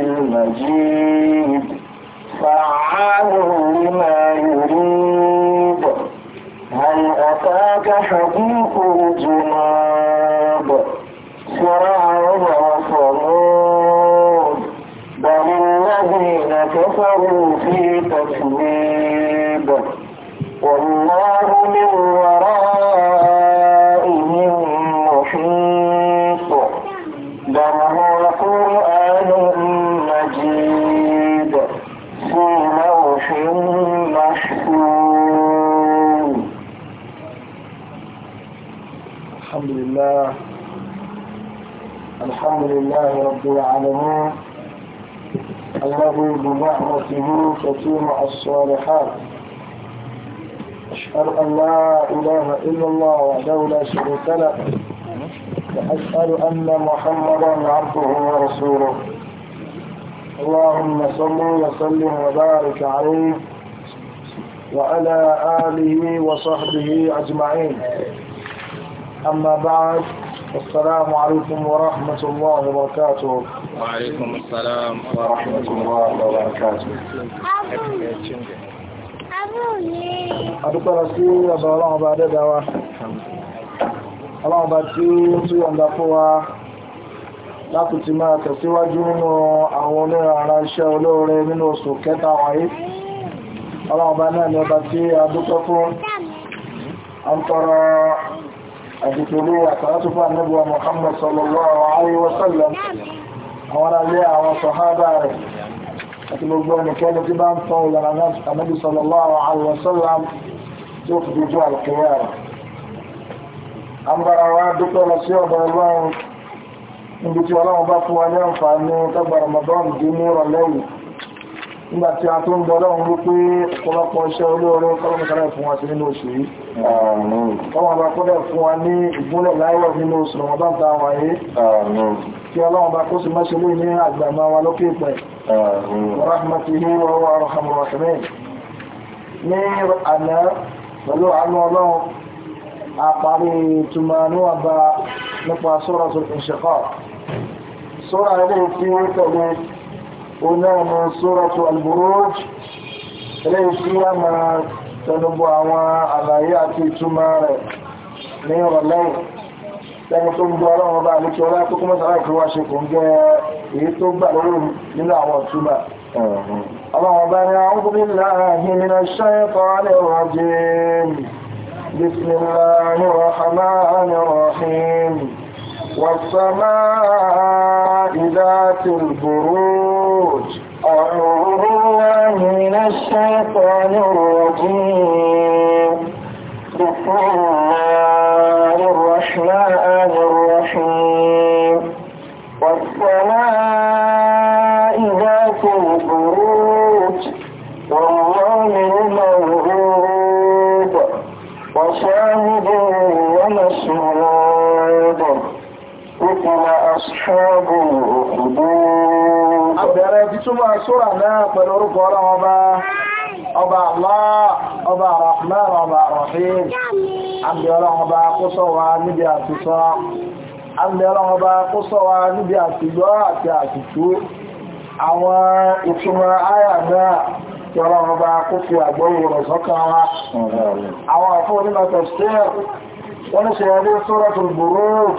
المجيد فعال لما يريد هل أتاك حديث المسلمين تتم الصالحات أشهد أن لا إله إلا الله وحده لا شريك له وأشهد أن محمدا عبده ورسوله اللهم صل وسلم وبارك عليه وعلى آله وصحبه أجمعين أما بعد السلام عليكم ورحمة الله وبركاته وعليكم السلام ورحمة الله وبركاته Adúpẹ́ra sí ọba ọlọ́run ọba dẹ́dà wa, ọlọ́run ọba tí ó tí yọ̀nda fún wa láti ti máa tẹ̀síwájú nínú àwọn onírà ara iṣẹ́ olóore nínú oṣù kẹta wáyé. Ọlọ́run ọba náà ni ọba tí a dúpẹ́ fún, a ń tọrọ àdìtòrò àtàrátúfà nígbà Muhammad sallallahu alaihi wasallam àwọn aráyé àwọn sọ̀hábà rẹ̀ àti gbogbo ẹnikẹ́ni tí bá ń tọ́ ìlànà ànábì sallallahu alaihi wasallam tí ó fi dojú àlùkẹ́yà rẹ̀ àmúbára wa dúpẹ́ lọ sí ọ̀dọ̀ ọlọ́run níbi tí ọlọ́run bá fún wa ní àǹfààní tẹ́gbàrà mọ̀dọ́n dé ní ìrọ̀lẹ́ yìí nígbà tí a tó ń bọ́ lọ́run ló pé ọ̀pọ̀lọpọ̀ iṣẹ́ olóore kọ́lọ́mùsáré fún wa sí nínú oṣù yìí kọ́wọ́n bá fún wa ní ìgúnlẹ̀ láyọ̀ nínú oṣù rọ̀mọ́dọ́n wáyé kí ọlọ́run bá kó sì máṣe lè ní àgbàmà wa lókè pẹ̀ rahmatihi wa huwa arhamur rahimin ní àná pẹ̀lú àánú ọlọ́run àparí ìtumọ̀ níwàbá nípa suratul inshiqaq sura ilé tí ó tẹ̀lé onáàmù suratul al lẹ́nu tó gbogbo ọlọ́run bá ní kí ọlá tó kúmọ̀ sára ìfowó ṣe kò ń jẹ́ èyí tó gbà lórí nínú àwọn ọ̀túnbà ọlọ́run bá ní àwọn obìnrin láàrin nínú ṣẹ́ẹ̀kọ́ lẹ́wọ̀ jẹ́ بسم الله الرحمن ashabu abẹ̀rẹ̀ bí túnmọ̀ sóra náà pẹ̀lú orúkọ ọlọ́wọ́ Allah ọba Rahman ọba Rahim àmì ọlọ́wọ́ bá kó sọ wa níbi àtìsọ́ àmì ọlọ́wọ́ bá kó sọ wa níbi àtìgbọ́ àti àtìtú àwọn ìtumọ̀ àyà náà tí ọlọ́wọ́ bá kó fi àgbọ́wòrò sọ́kàn wa àwọn àfọ́ onílọ́tọ̀ stẹ́ẹ̀ wọ́n ṣe ọdún suratul Buruj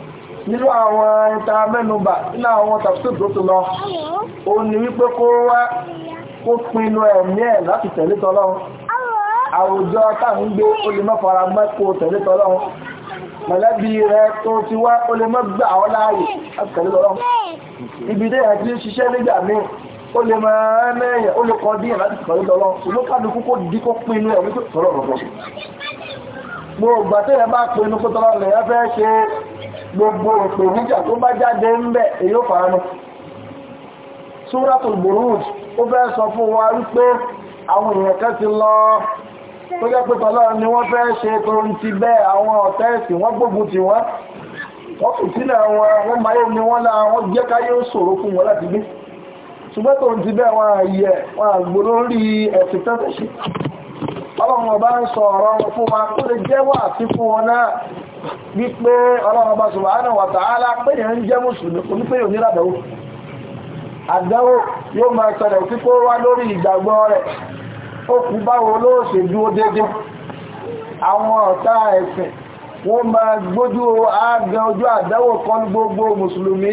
nínú àwọn ẹta mẹ́nubà nínú àwọn tafsir tó tó lọ ó ní wípé kó wá kó pinnu ẹ̀mí ẹ̀ láti tẹ̀lé tọ́lọ́run àwùjọ táwọn gbé ó lè má fara mọ́ kó tẹ̀lé tọ́lọ́run mọ̀lẹ́bí rẹ tó ti wá ó lè má gbà ọ́ láàyè láti tẹ̀lé tọ́lọ́run ibi dé ẹ̀ ti ń ṣiṣẹ́ bá pinnu kó tọ́lọ́run lè fẹ́ ṣe gbogbo òpèrújà tó bá jáde ń bẹ̀ èyí ó fara mọ́ Suratul Buruj ó fẹ́ sọ fún wa wípé àwọn èèyàn kan ti lọ tó jẹ́ pé tọ́lọ́ ni wọ́n fẹ́ ṣe tó ń ti bẹ́ àwọn ọ̀tẹ́ẹ̀sì wọ́n gbógun ti wọ́n wọ́n kò sílẹ̀ wọn wọ́n máyé ni wọ́n lára wọ́n jẹ́ káyé ó ṣòro fún wọn láti gbé ṣùgbọ́n tó ń ti bẹ́ wọn àyẹ̀ wọn àgbòrò rí ẹ̀sìn tẹ́tẹ̀ṣe ọlọ́run ọba ń sọ ọ̀rọ̀ fún wa kó lè jẹ́wọ́ àti fún wọn náà wípé ọlọ́run ọba subhanahu wa ta'ala pé ní ń jẹ́ mùsùlùmí pé òní ràdàwó àdánwò yóò máa ṣẹlẹ̀ wá lórí ìgbàgbọ́ rẹ̀ ó kú báwo ló ṣe dúó dédé àwọn ọ̀tá ẹ̀sìn wọ́n ma gbójú ààgbẹ̀ ojú àdánwò kan gbogbo mùsùlùmí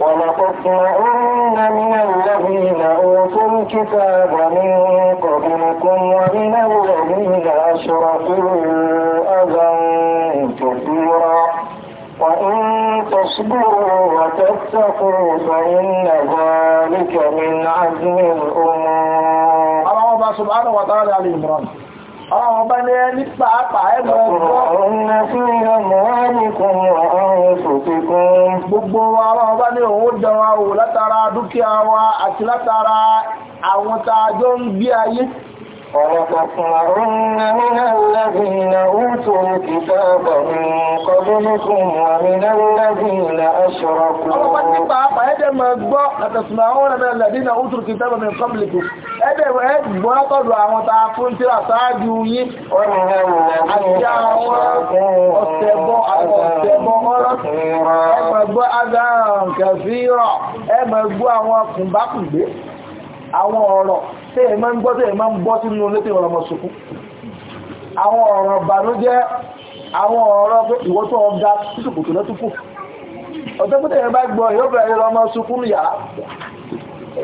ولتسمعن من الذين أوتوا الكتاب من قبلكم ومن الذين أشركوا أذى كثيرا وإن تصبروا وتتقوا فإن ذلك من عزم الأمور. الله سبحانه وتعالى عليه إبراهيم àwọn ọba ní ẹni pàápàá ẹgbẹ̀ ọgbọ́ ọ̀rún ẹ̀fún ìrọ̀mù ánìkùn ọ̀rún ìfòkíkún gbogbo àwọn ọba ní òun dánwà wò látara dúkìá wa àti látara àwọn tààjọ ń gbé ayé ولتصنعن من الذين أوتوا الكتاب من قبلكم ومن الذين أشركوا ọlọ́pàá nípa àpá ẹ̀dẹ̀ ma gbọ́ àtàsùnàwọ́n ẹ̀mẹ́ الذين أوتوا الكتاب من قبلكم ẹ̀dẹ̀ gbọ́ látọ̀dọ̀ àwọn ta fún tíra sáájú yí àti àwọn ọ̀sẹ̀bọ́ ọ̀sẹ̀bọ́ àwọn ọ̀rọ̀ tí ẹ máa ń gbọ́ tí ẹ máa ń gbọ́ sínú olétí ọ̀rọ̀ mọ̀sùkú àwọn ọ̀rọ̀ bànújẹ́ àwọn ọ̀rọ̀ pé ìwọ́tọ̀ ọ̀gá sísùkùtù lẹ́tùkù ọjọ́ pé tẹ̀yẹ bá gbọ́ yóò bẹ̀rẹ̀ lọ mọ́ sùkú yàrá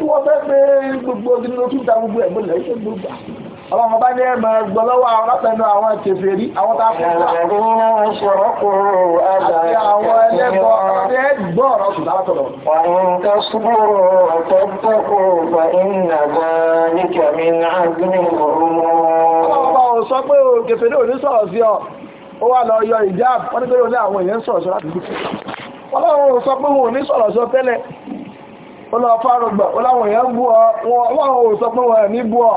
ìwọ́n fẹ́ pé gbogbo ọlọ́run bá ní ẹ̀mọ̀ ẹgbọ́ lọ́wọ́ àwọn látẹnu àwọn kèfèrí àwọn tàbílá àwọn ẹlẹ́gbọ́ ẹgbọ́ ọ̀rọ̀ sùn látọ̀rọ̀ wọ́n tó súnmọ́rọ̀ ọ̀tọ́gbọ́kọ̀ fà ìnà bá ní kẹ̀mí náà gínú ọ̀rọ̀ ọ̀rọ̀ sọ pé o kèfèrí òní sọ̀rọ̀ sí ọ ó wà lọ yọ ìjáàb wọ́n ní pé o ní àwọn èèyàn sọ̀rọ̀ sọ láti dúkù ọlọ́run sọ pé òní sọ̀rọ̀ sọ tẹ́lẹ̀ ó lọ fárọgbà ó láwọn èèyàn bú ọ wọ́n ò sọ pé wọ́n ní bú ọ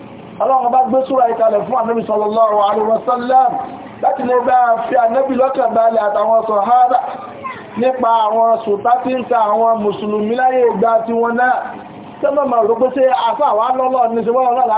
ọlọ́run bá gbé súra ìkalẹ̀ fún ànábì sallallahu alaihi wasallam láti lè bá fi ànábì lọ́kàn balẹ̀ àtàwọn sàhábà nípa àwọn sùtá tí ń ta àwọn mùsùlùmí láyé ìgbà tí wọn náà tẹ́mọ̀ mọ̀ rò pé ṣe àfà wà lọ́lọ́ ní ṣe wọ́n lọ́lá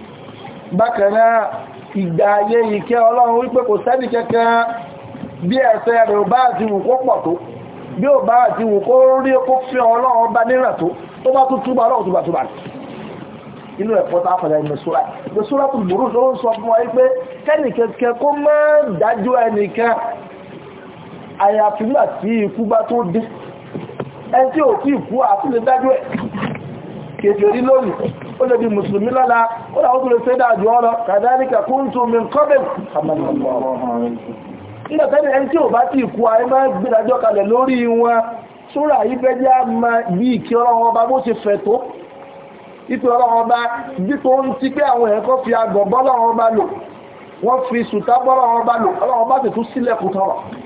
bákanáà ìgbà ayé ìkẹ́ ọlọ́run wípé kò sẹ́ni kẹ́kẹ́ bí ẹ̀ṣẹ̀ rẹ̀ ò bá àti wù kó pọ̀ tó bí ò bá àti wù kó rí kó fi ọlọ́run bá níràn tó tó bá tún túbà ọlọ́run túbà túbà inú ẹ̀pọ̀ tá fàdà ìmọ̀ sóra ìmọ̀ sóra tó gbòrò tó ń sọ fún wa wípé lónìí ó lè di mùsùlùmí lọ́la ó làwọn tó lè ṣe dájú ọ́rọ̀ kàdáríkà kún tún mi kọ́bẹ̀ nígbàtẹ́ni ẹni tí ò bá ti kú ayé máa gbìdájọ́ kalẹ̀ lórí wọn súrà yìí fẹ́ jẹ́ àmà bí ìkí ọlọ́run ọba bó ṣe fẹ̀ tó ìpè ọlọ́run ọba bí tó ń ti pé àwọn ẹ̀kọ́ fi agọ̀ bọ́lọ́run ọba lò wọ́n fi sùtá bọ́lọ́run ọba lò ọlọ́run ọba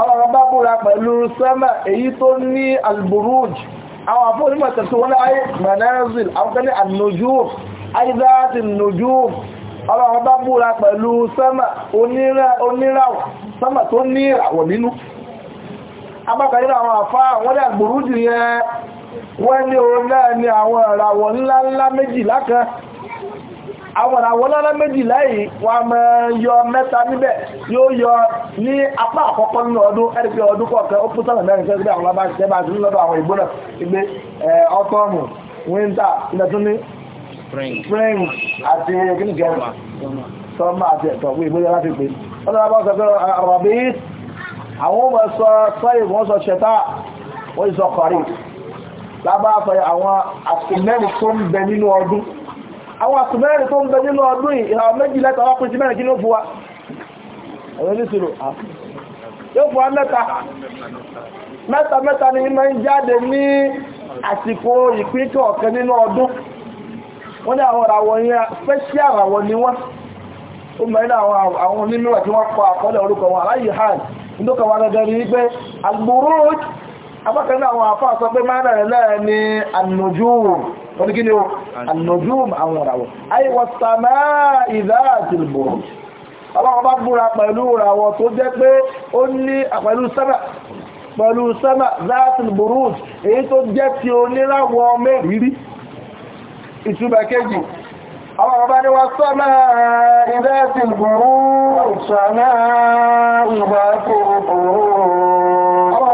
ọlọ́run bá búra pẹ̀lú sẹ́mà èyí tó ní alburuj àwọn àfónímọ̀ tẹ̀sí wọ́n láyé manazil àwọn annujum aizati nujum ọlọ́run bá búra pẹ̀lú sẹ́mà oníràwọ̀ sẹ́mà tó ní ìràwọ̀ nínú abákanínà àwọn àfá àwọn ní alburuj yẹn wọ́n ní òun náà ní àwọn àwọn àwọn ọlọ́lá méjì lẹ́yìn wọ́n mọ́ yọ mẹ́ta níbẹ̀ yóò yọ ní apá àkọ́kọ́ nínú ọdún ẹ̀rìkì ọdún kọ̀ọ̀kan ó púpọ̀ mẹ́rin sẹ́gbẹ́ àwọn abáṣẹ́bà sí lọ́dọ̀ àwọn ìgbó náà ìgbé ọtọ́ọ̀mù wíńtà ilẹ̀túnní spring àti gínígẹ̀rẹ̀ sọ́mà àti ẹ̀tọ̀wé ìgbóyọ láti pè ọlọ́lá bá sọ pé rọ̀bí àwọn ọmọ sọ sọ́yìn wọ́n sọ ṣẹta wọ́n sọ kọ̀rí lábá sọ àwọn àsìkò mẹ́rin tó ń bẹ nínú ọdún àwọn àsùnmẹ́rin tó ń bẹ nínú ọdún ìhà méjì lẹ́ta ọlọ́pìn sí mẹ́rin kí ló fúwa ẹ̀rọ ní ṣòro yóò fúwa mẹ́ta mẹ́ta mẹ́ta ni mẹ́ ń jáde ní àsìkò ìpínkẹ́ ọ̀kan nínú ọdún wọ́n ní àwọn ìràwọ̀ yẹn special ìràwọ̀ ni wọ́n ó mẹ́rin àwọn onímọ̀ tí wọ́n kọ àkọọ́lẹ̀ orúkọ abákanáà àwọn àfáà sọ pé máa rẹ̀ náà ni annujum wọ́n ni kí ni ó annujum àwọn ìràwọ̀ ayíwọ̀ sàmà ìdáàtìlbò ọlọ́wọ́ bá búra pẹ̀lú ìràwọ̀ tó jẹ́ pé ó ní pẹ̀lú sẹ́mà pẹ̀lú sẹ́mà dáàtìlbòrò èyí tó jẹ́ ti oníràwọ̀ mẹ́rìírí ìtumọ̀ kejì ọlọ́wọ́ bá ní wọ́n sẹ́mà ìdáàtìlbòrò sẹ́mà ìdáàtìlbòrò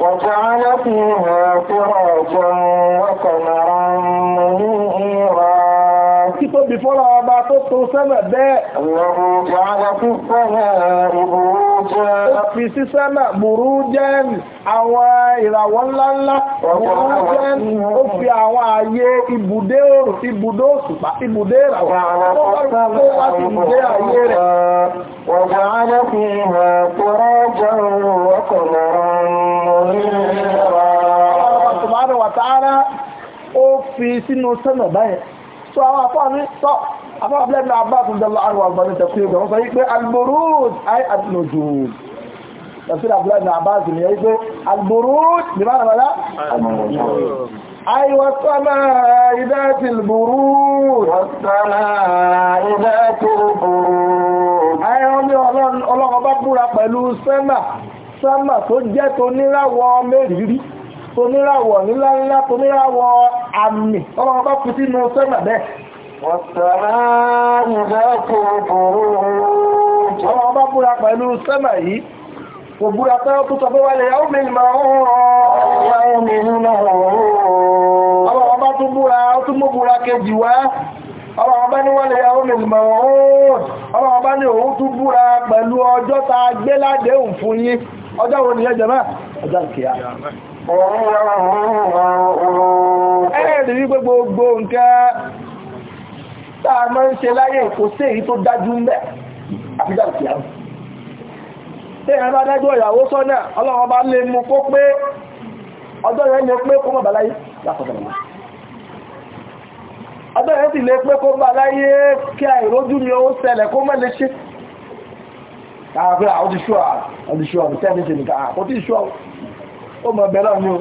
وجعل فيها سراجا وقمرا منيرا tóbi fọ́lá ọba tó tó sẹ́nà bẹ́ẹ̀. Ó fi sí sẹ́nà burú jẹ́ àwọn ìràwọ̀ ńláńlá. Ó fi àwọn ààyè ibùdé òrùn, ibùdó òṣùpá, ibùdé ìràwọ̀. Ó fi sínú sẹ́nà báyẹn tó àwọn afọ́ni tọ́ afọ́ni abúlẹ́bìnrin abáàkùn dọ́là àwọn àgbàdo tẹ̀kú ìgbà wọ́n sọ wípé alburud ayé àtúnòjò tafsir abdullahi ibn abbas ni yayi pe al-buruj bi ma'ana mala ay wa samaa'i dhati al-buruj as-samaa'i dhati al-buruj ay bá búra pẹ̀lú sánmà sánmà tó jẹ́ tó níláwọ̀ mẹ́rìírí toníràwọ̀ níláńlá toníràwọ̀ àmì ọlọ́run bá fi sínú sẹ́mà bẹ́ẹ̀ ọlọ́run bá búra pẹ̀lú sẹ́mà yìí kò búra pé ó tútọ pé wálé ó mìí ma ó ọlọ́run bá tún búra ó tún mú búra kejì wá ọlọ́run bá ní wálé ó mìí ma ó ọlọ́run bá ní òun tún búra pẹ̀lú ọjọ́ ta gbé ládéhùn fún yín ọjọ́ wo ni ẹjẹ̀ náà ọjọ́ ìkìyà E wípé gbogbo nǹkan táà taa ń ṣe láyé kò sí èyí tó dájú ń bẹ̀ àbídà ìkìyàwó tí ẹ̀rọ bá dájú ìyàwó sọ́nà ọlọ́wọ́ bá lè mú kó pé ọjọ́ yẹn lè pé kó mọ̀ láyé lápọ̀tọ̀lọ́wọ́ ọjọ́ yẹn sì lè pé kó láyé kí ó mọ̀ bẹ̀rẹ̀ ní o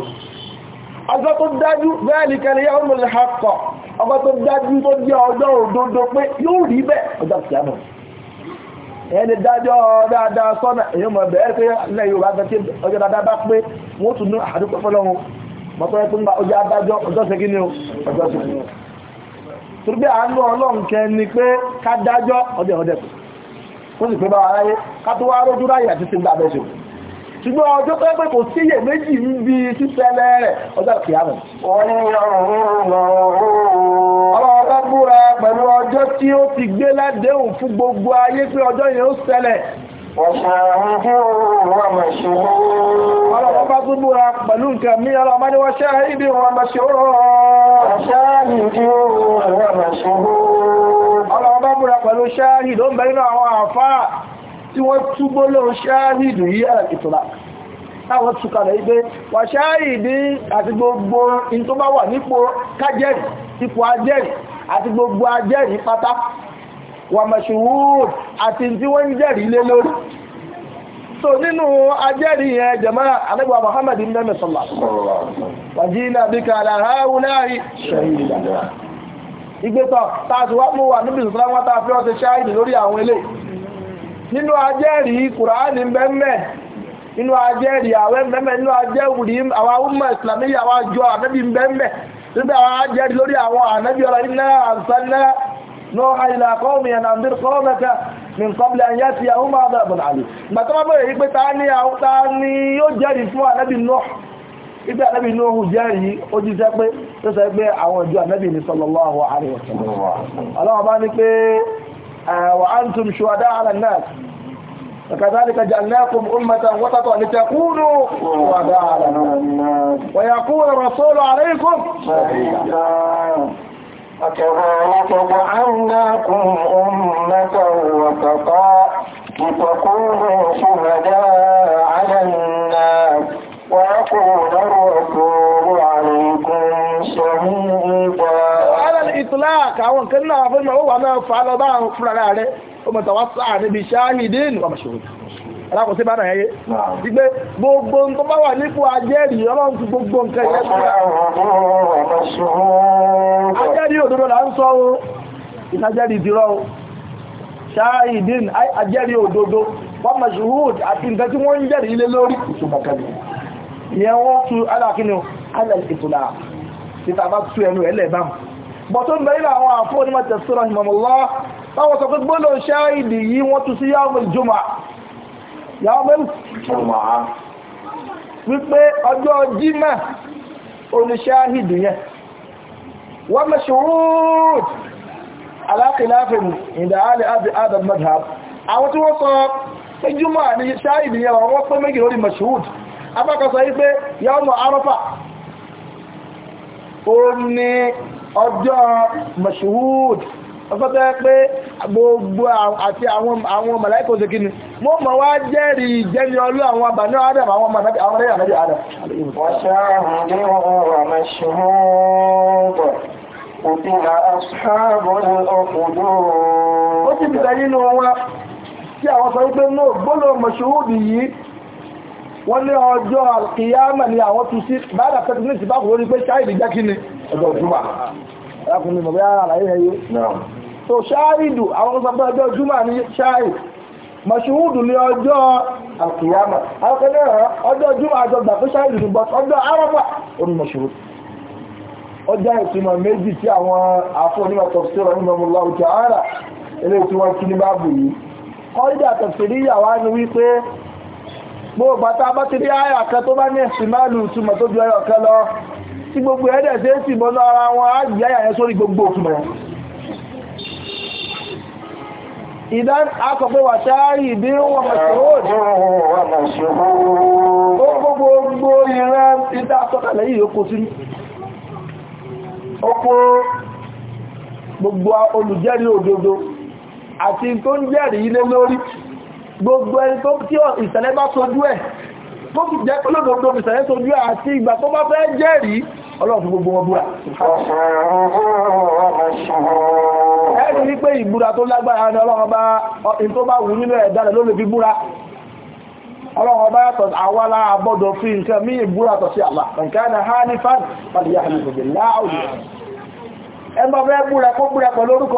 ọjọ́ tó dájú bẹ́ẹ̀ ní kẹlẹ̀ yà ọmọ ìhàkọ̀ ọjọ́ tó dájú tó jẹ́ ọjọ́ òdodo pé yóò rí bẹ́ẹ̀ ọjọ́ kìíyàmọ̀ ẹni dájọ́ dáadáa sọ́nà èyí mọ̀ bẹ̀ẹ́ pé ilẹ̀ Yorùbá fẹ́ tí ọjọ́ dáadáa bá pé wọ́n tún ní àdúgbò fọ́lọ́run mọ̀tọ́rẹ́ tó ń bá ọjọ́ adájọ́ ọjọ́ ṣe gíní ọjọ́ ṣe gíní torí àánú ọlọ́run kẹ ni pé ká dájọ́ ọdẹ ọdẹ kó sì ṣùgbọ́n ọjọ́ pẹ́ kò síyè méjì ń bi sísẹlẹ̀ rẹ̀ ọjọ́ kìámù. ọlọ́ọ̀rọ̀ ọjọ́ tí ó ti gbé ládéhùn fún gbogbo ayé pé ọjọ́ yẹn ó ṣẹlẹ̀. Ọlọ́pàá bá tún búra pẹ̀lú nǹkan mí ọlọ́pàá ní wọ́n ṣáà ibi wọn bá ṣe rọ̀. Ọlọ́pàá búra pẹ̀lú ṣáà ìdó ń bẹ̀rẹ̀ àwọn àfáà tí wọ́n túbó lóun ṣáàhìdù yí àìtòlá táwọn túkalẹ̀ ibé wà ṣáàhìdì àti gbogbo in tó bá wà nípò kájẹ́rì ipò ajẹ́rì àti gbogbo ajẹ́rì pátá wà mẹ̀ṣùwúd àti tí wọ́n ń jẹ́rì lé lórí so nínú ajẹ́rì yẹn jẹ̀mọ́ alẹ́gbà Muhammad ibn mẹ́sọ̀lá wàjínà bí kàlà haúláì ṣẹ̀yìnlá ìgbẹ́tọ̀ tààtùwá mú wà níbi ìsìnkú wọn tààfẹ́ ọ̀tẹ̀ ṣáàhìdì lórí àwọn eléyìí nínú ajẹ́rì kùránì mẹ́mẹ́ nínú ajẹ́rì àwẹ́ mẹ́mẹ́ nínú ajẹ́wùrí àwọn ọmọ ìsìlámíyà àwọn àjọ ànábì mẹ́mẹ́ nígbà àwọn ajẹ́rì lórí àwọn ànábì ọ̀rọ̀ iná àǹsánná نوح إلى قومي أن أنذر قومك من قبل أن يأتيهم عذاب عليم ما تما بقى أو تاني يجري فوا نبي نوح إذا نبي نوح جاري ojú ṣe pé ṣe pé àwọn ìjọ Ànábì ni sallallahu alaihi wasallam Allah bá آه، وأنتم شهداء على الناس وكذلك جعلناكم أمة وسطا لتكونوا شهداء على الناس ويقول الرسول عليكم شهيدا وكذلك جعلناكم أمة وسطا لتكونوا شهداء على الناس ويكون الرسول عليكم شهيدا على الإطلاق àwọn kan náà fún ìmọ̀ wà náà fà lọ bá àwọn fúnra rẹ̀ ọmọ tàwásá níbi ṣáhìdín wà mọ̀ṣòro alákòóso bá nàáyé ah. wípé gbogbo tó bá wà nípò ajẹ́rìí ọlọ́run ti gbogbo nǹkan yẹn tó rà là ń sọ o ìtajẹ́rìí ìdírọ́ o ṣáàìdín ajẹ́rìí wọ́n mashhud àti nǹkan tí wọ́n ń jẹ́rìí ilé lórí ìṣùgbàkalẹ̀ ìyẹn wọ́n tú yàwọ́bẹ̀rù wípé ọjọ́ jímà oníṣáhìdì yẹn wọ́n mẹ́ṣùrùd alákìláfin ìdáhálẹ̀ adam madhab àwọn tí wọ́n sọ pé jùmọ́ ní ṣáhìdì yẹn wọ́n pẹ́ méjì lórí mẹ́ṣùrùd apákọsọ wípé yọ́mọ̀ arọ́fà ó ní ọjọ́ mẹ́ṣùrùd ọ̀sọ́tẹ́ pé gbogbo àti àwọn màláíkà òsèkí ni mo mọ̀ wá jẹ́rì ìjẹni ọlú àwọn àbàní adam àwọn ọmọ àwọn sọ wọ́n ní ọjọ́ alkiyama ni àwọn tún sí báyà tẹ́tìmí sí bákùn lórí pé ṣáìdì jẹ́ kí ni ọjọ́ òjúwà arákùnrin mọ̀ bí ara àlàyé ẹyẹ so ṣáàìdù àwọn ọmọ ọjọ́ júmọ̀ ní ṣáàìd mọ̀ṣúhùdù ní ọjọ́ àkìyàmà àwọn kẹ́lẹ́ ọ̀rọ̀ ọjọ́ júmọ̀ àjọgbà fún ṣáàìdù ní bọ́t ọjọ́ arọ́gbà orí mọ̀ṣúhùdù ọjọ́ ìtumọ̀ méjì tí àwọn afọ́ onímọ̀ tọ̀síọ̀rọ̀ nínú ọmọ ọlọ́run ti ara ilé tí wọ́n kí ní báàbù yìí kọ́ńdà tọ̀síọ̀rọ̀ ìyàwó ni wípé gbogbo bàtà bá ti rí àyà kan tó bá ní ẹ̀sìn máàlù tí gbogbo sì mọ́nú ara wọn á yí àyà sórí gbogbo òtùmọ̀ ìdán akọ̀pẹ́ wà táàrí ìdí wọn mọ̀ṣíhóòdì gbogbo ìran ìdá sọ́kàlẹ̀ yìí okò sí okò gbogbo olùjẹ́rí òdodo àti tó ń jẹ́rí ilé lórí gbogbo ẹni tó tí ìṣẹ̀lẹ̀ bá sojú ẹ̀ tó fi jẹ́ olódodo ìṣẹ̀lẹ̀ sojú àti ìgbà tó bá fẹ́ jẹ́rìí ọlọ́run fún gbogbo wọn búra ẹni ní pé ìbúra tó lágbára ní ọlọ́run bá in tó bá wù nínú ẹ̀dá rẹ̀ ló lè fi búra ọlọ́run bá yàtọ̀ àwọ́lá àbọ́dọ̀ fi nǹkan mí ìbúra tọ̀ sí àlá nǹkan ha ní fán pàdé yà hàn gbogbo láàrùn ẹgbọ́n fẹ́ búra kó búra pẹ̀lú orúkọ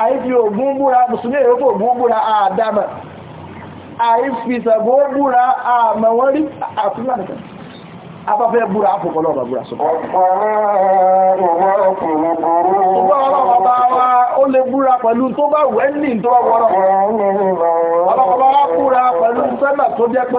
àìfi ògún búra kùsùmí ìrókò ògún búra àdámà àìfisàgbó búra àmàwọ́rí àfúnlànìkan afẹ́fẹ́ búra àfòkọ́lọ́ ọ̀bà búra sọ́kọ́ ó lè búra pẹ̀lú tó bá wẹ́lì tó bá wọ́rọ̀ ọlọ́pàá búra pẹ̀lú sẹ́nà tó jẹ́ pé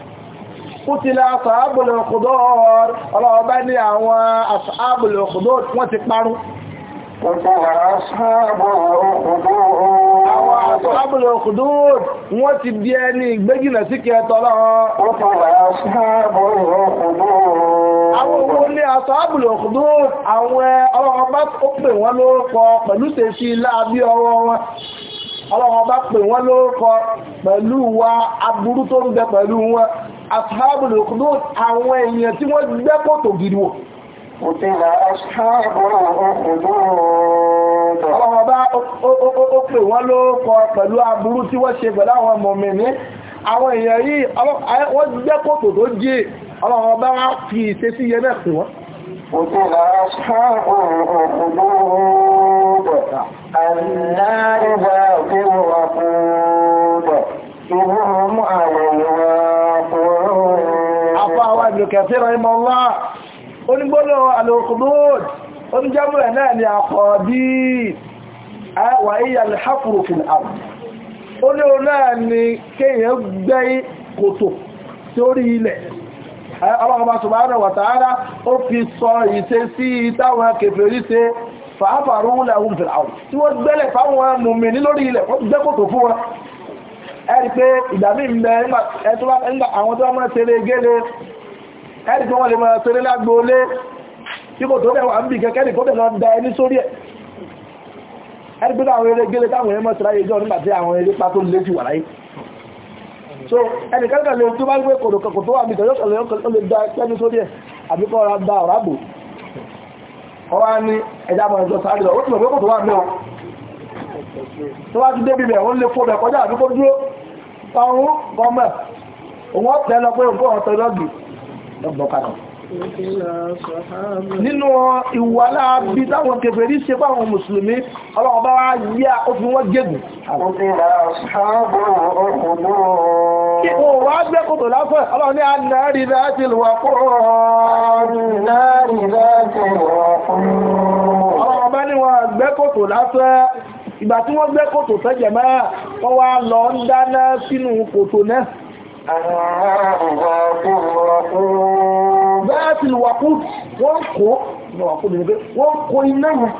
kútìlá sàábùlù ọ̀kùdọ́ ọlọ́ọ̀bá ní àwọn sàábùlù ọ̀kùdọ́ wọ́n ti parun Àwọn ashabul ukhdud wọ́n ti di ẹni ìgbégìnà sí kẹta ọlọ́run. Àwọn owó ní ashabul ukhdud àwọn ọlọ́run bá ó pè wọ́n lórúkọ pẹ̀lú tèṣí láàbí ọwọ́ wọn. Ọlọ́run bá pè wọ́n lórúkọ pẹ̀lú wa aburú tó ń bẹ pẹ̀lú wọn ashabul ukhdud àwọn èèyàn tí wọ́n gbẹ́ kòtò gidi wò Òtílà ashabul ukhdud. Ọlọ́wọ́ bá ó pè wọ́n ló kọ pẹ̀lú aburú tí wọ́n ṣe pẹ̀lú àwọn mùmínì. Àwọn èèyàn yìí wọ́n gbẹ́ kòtò tó jì ọlọ́wọ́ bá fi ìṣesí yẹn náà pè wọ́n. قتل أصحاب الأخدود النار ذات الوقود إذ هم عليها قود àfáwà Ibn Kathir rahimahullah onígbónà al-ukhdud oníjẹ́mùrẹ̀ náà ni àkọ̀ọ̀dí wà íyà al-hafru fil ard ó ní o náà ni kéèyàn gbẹ́ kòtò sórí ilẹ̀ Allah subhanahu wa ta'ala ó fi sọ ìṣe sí ìtàwọn kèfèrí ṣe fàáfàrún lẹ́hùn fil ard tí wọ́n gbẹ́lẹ̀ fáwọn mùmìnì lórí ilẹ̀ wọ́n gbẹ́ kòtò fún wọn ẹ̀rí pé ìdàmí ń bẹ àwọn tó wá mọ́ ṣeré gẹ́lẹ́ ẹni tí wọ́n lè máa ṣeré lágbóolé tí kò tó dẹ̀wà ń bí kẹ́kẹ́rì kó dẹ̀lọ da ẹni sórí ẹ̀ ẹni pínlẹ̀ àwọn eré gẹ́lẹ́ táwọn ẹmọ́ ti ráyé jọ nígbà tí àwọn eré pátó lé jù wà láyé so ẹni kẹ́kẹ́ lè tó bá gbé kòrò tó wà mìtọ̀ yóò lè da ẹni sórí ẹ̀ àbí kọ́ ra da ọ̀rá bò ọwá ní ẹja mọ̀ ẹjọ́ sáré lọ ó ti mọ̀ pé kò tó wà mẹ́ o tó wá ti débi bẹ̀ ó lè fò bẹ̀ kọjá àbí kó dúró tọrún gọmẹ̀ òun ọ̀tẹ́ lọ pé òun kò ọ̀tẹ́ lọ́gbìn lọ́gbọ̀kadà nínú ìwàlá bí táwọn kèfèrí ṣe fáwọn mùsùlùmí ọlọ́wọ́n bá wá yá ó fi wọ́n gégùn ó wá gbé kòtò lásán ọlọ́wọ́n ní àdárí láti lùwà fún ọlọ́wọ́n bá ní wọ́n gbé kòtò lásán ìgbà tí wọ́n gbé kòtò fẹ́jẹ̀ mẹ́rin wọ́n wá lọ ń dáná sínú kòtò náà Bẹ́ẹ̀tì wàkú wọ́n kó wàkú ní pé wọ́n kó iná wọn.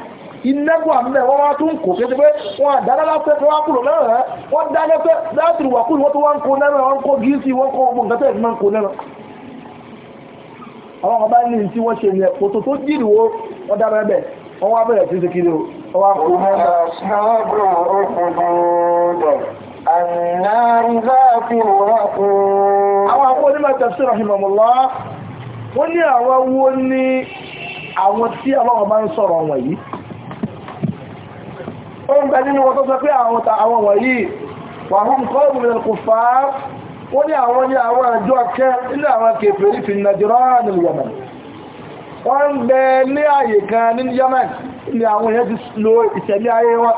Iná wà mẹ́ wọ́n wá tún kò kéde pé wọ́n àdáná lápẹ́ tó wá kúrò lẹ́rẹ̀ wọ́n dáná pé bẹ́ẹ̀tì wàkú wọ́n tó wá ń kó náà wọ́n kó gíìsì wọ́n kó ọgbọ̀n nǹkan tẹ́ẹ̀ máa ń kó náà. Àwọn ọba ní tí wọ́n ṣe ní ẹ̀kọ́ tó tó jìrì wo wọ́n dára ẹbẹ̀ wọ́n wá bẹ̀rẹ̀ sí النار ذات الوقود àwọn àwọn onímọ̀ tafsir rahimahullah wọ́n ní àwọn wo ní àwọn tí ọlọ́wọ́ bá ń sọ̀rọ̀ wọn yìí ó ń bẹ nínú wọn tó sọ pé àwọn ta àwọn wọ̀nyí wà hún kọ́ọ̀bù min al-kuffar wọ́n ní àwọn ní àwọn àjọ akẹ́ nínú àwọn kèfèrí fi Najran ní Yemen wọ́n ń bẹ ní àyè ní Yemen ní àwọn èèyàn ti lo ìṣẹ̀lẹ̀ ayé wọn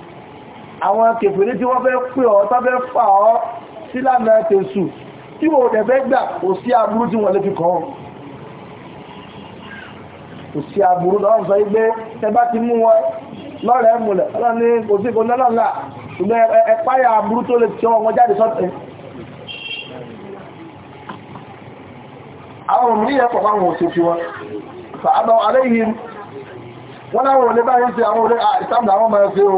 àwọn kèfèrè tí wọ́n fẹ́ pè ọ́ tó fẹ́ fà ọ́ sílànà tèṣù tí wọ́n dẹ̀ fẹ́ gbà kò sí aburú tí wọ́n lè fi kàn kò sí aburú lọ́wọ́n sọ pé ẹ bá ti mú wọn lọ́rẹ̀ẹ́ múlẹ̀ ọlọ́ni kò sí kò náà náà ṣùgbọ́n ẹ̀páyà aburú tó lè tí ọmọ jáde sọ́tẹ̀ àwọn òmìnirí ẹ̀pọ̀ fáwọn òṣèṣì wọn fàádọ́ aléyìn wọ́n láwọn olè báyìí sí àwọn olè àìsàmdà àwọn ọmọ ẹ̀fẹ́ o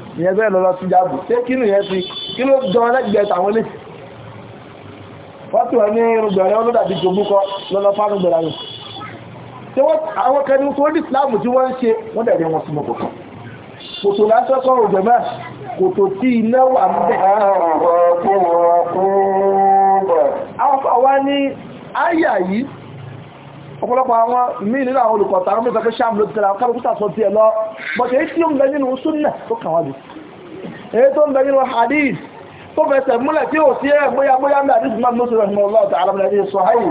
ìyẹn bẹ́ẹ̀ lọ́lọ́ tún jábù ṣé kí ni ìyẹn fi kí ló jọ lẹ́gbẹ̀ẹ́ tàwọn lè wọ́n tí wọ́n ní irúgbẹ̀rẹ́ olódàbí jogún kọ lọ́lọ́ fánú gbẹ̀rẹ̀ rẹ̀ tí wọ́n àwọn kẹni tó ní Islam tí wọ́n ń yìí ọ̀pọ̀lọpọ̀ àwọn míì nínú àwọn olùkọ̀ta àwọn mẹ́sàn-án sáàmù ló ti tẹ̀lé àwọn kárùkútà sọ tiẹ̀ lọ bọ̀tẹ̀ èyí tí ó ń bẹ nínú súnnà tó kàn wájú èyí tó ń bẹ nínú hadith tó fẹsẹ̀ múlẹ̀ tí ó sí ẹ̀ bóyá bóyá ń bẹ hadith máa mú sílẹ̀ fún ọlọ́ọ̀tà alamọ̀lẹ́ ní sọ ayé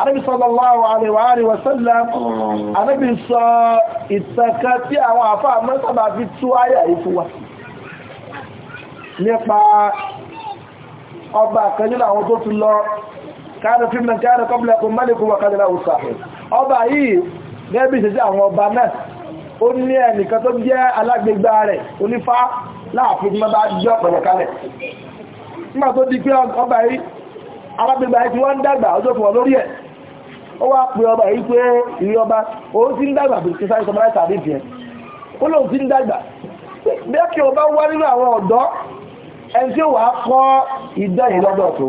arábì sallallahu alaihi wa káàdù fi mẹ́ káàdù kọ́bílẹ̀ kò mẹ́lẹ̀kù wà kàdìlá òsàfẹ́ ọba yìí gẹ́bí ìṣẹ́jẹ́ àwọn ọba náà ó ní ẹnìkan tó jẹ́ alágbègbà rẹ̀ onífá láàfin mọ́ bá jẹ́ ọ̀pọ̀lọ̀ kalẹ̀ di pé ọba yìí alágbègbà yìí tí wọ́n ń dàgbà ọjọ́ fún ọ lórí ẹ̀ ó wá pe ọba yìí pé ìrìn ọba òun ti ń dàgbà bí kí sáré sọmọlá tàbí ìfìyẹn ó lóun ti ń dàgbà kọ́ ìdán lọ́dọ̀ tó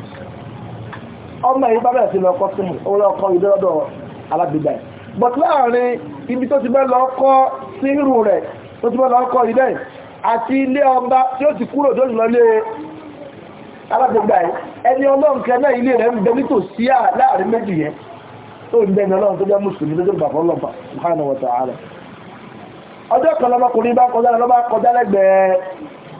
ọmọ yìí bá bẹ̀rẹ̀ sí lọ kọ́ símù ó lọ kọ́ ìdí ọ̀dọ̀ alágbègbè but láàrin ibi tó ti bẹ́ lọ kọ́ sírù rẹ̀ tó ti bẹ́ lọ kọ́ ìdẹ́ àti ilé ọba tí ó ti kúrò tó ti lọ lé alágbègbè ẹni ọlọ́nkẹ náà ilé rẹ̀ ń bẹ nítòsí à láàrin méjì yẹn tó ń bẹ ní ọlọ́run tó jẹ́ mùsùlùmí tó jẹ́ bàbá ọlọ́ba subhanahu wa ta'ala ọjọ́ kan lọ́mọkùnrin bá kọjá lọ́ba kọjá lẹ́gbẹ̀ẹ́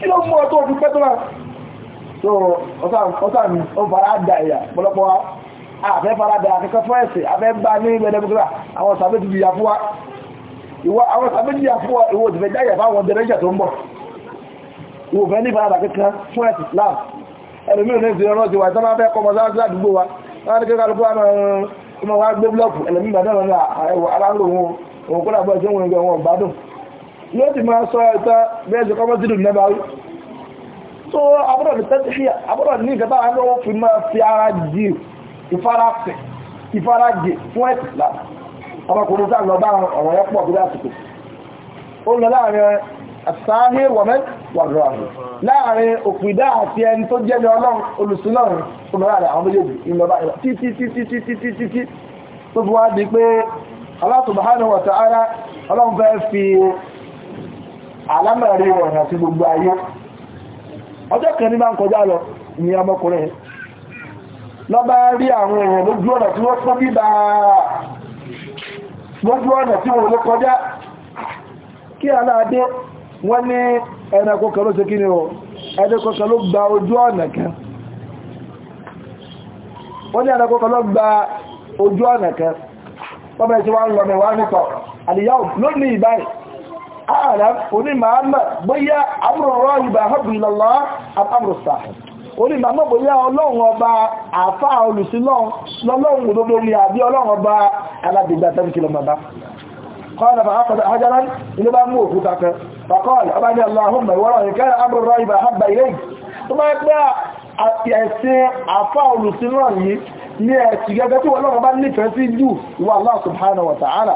kí ló mú ọtọ́ òfin pẹ́tọ́ náà so ọ̀sán ó fara dà ìyà pọ̀lọpọ̀ wa àfẹ́ fara dà akẹ́kọ̀ọ́ fún ẹ̀sẹ̀ afẹ́ bá ní gbẹdẹmukura àwọn sàbẹ́ ti dìyà fún wa ìwọ àwọn sàbẹ́ dìyà fún wa ìwọ òtìfẹ́ jáyà fún àwọn dẹrẹ́jà tó ń bọ̀ ìwọ fẹ́ ní fara dà kankan fún ẹ̀sẹ̀ Islam ẹlòmíràn ní ìdílé ọlọ́dì wa ìtọ́ máa fẹ́ kọ́ mọ́sá àdúgbò wa láti kí kálukú wa máa gbé búlọ́ọ̀kù ẹlòmíràn náà yóò ti máa sọ ẹ̀ta bẹ́ẹ̀sì kọ́ mọ́sílù nẹ́bàáwí tó abúrò ní tẹ́tìfì abúrò ní ìkẹta àwọn ọmọ fi máa fi ara jì ìfarafẹ̀ ìfarajì fún ẹ̀tìlá ọmọkùnrin sáà lọ bá ọ̀rọ̀ yẹn pọ̀ bí lásìkò ó lọ láàrin àtàáhé wọ̀mẹ́ wàrọ̀ láàrin òpìdá àti ẹni tó jẹ́ ní ọlọ́run olùsílọ́run olùrànlẹ̀ àwọn méjèèjì ìlọ́bà ìlọ́ títí títí títí títí títí tó fi wá di pé Allah subhanahu wa ta'ala ọlọ́run fẹ́ fi alámẹ̀rí ọ̀nà sí gbogbo ayé ọjọ́ kan ní bá ń kọjá lọ ní ọmọkùnrin lọ bá rí àwọn èèyàn lójú ọ̀nà tí wọ́n fún bíbá lójú ọ̀nà tí wọ́n ló kọjá kí aláàdé wọ́n ní ẹranko kan ló ṣe kí ni ọ ẹranko kan ló gba ojú ọ̀nà kan wọ́n ní ẹranko ló gba ojú ọ̀nà kan ààrẹ oní Muhammad bóyá amúrọ̀rọ̀ ìbà àbúrìlọ́lọ́ àbúrùsà oní Muhammad bóyá ọlọ́run ọba àfá olùsílọ́run lọ́lọ́run òdodo ni àbí ọlọ́run ọba alábìgbà tẹ́bí kìlọ̀ bàbá قال فأخذ حجرا إلى بأمور فتاك فقال أبدا اللهم وراه كان أمر الرائب أحب إليك ثم يبدأ ẹ̀sìn àfáàlù sínú yìí ní ẹ̀sìn gẹ́gẹ́ tí wọ́n lọ́wọ́ bá nífẹ̀ẹ́ sí jù wà Allah subhanahu wa ta'ala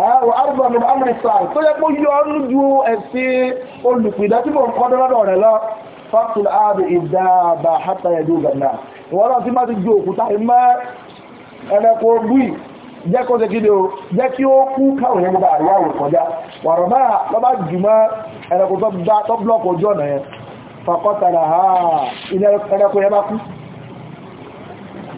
àwọn arúgbà ní amúrí sáà tó yẹ kó yọ ọ́nú ju ẹ̀sìn olùpìdá tí mò ń kọ́ dọ́rọ́dọ̀ rẹ̀ lọ fọ́tùl ààbò ìdáàbà hátà ẹ̀dù gànà ìwọ́n náà tí má ti ju òkúta ìmọ́ ẹlẹ́kọ̀ bùi jẹ́ kó ṣe kíde o jẹ́ kí ó kú káwọn yẹn bá àríyáwó kọjá wàrọ̀ náà lọ́bá jùmọ́ ẹlẹ́kọ̀ tó blọ́ọ̀kọ̀ ojú ọ̀nà yẹn fọ́kọ́tàrà ha ilẹ̀ ẹlẹ́kọ̀ yẹn bá kú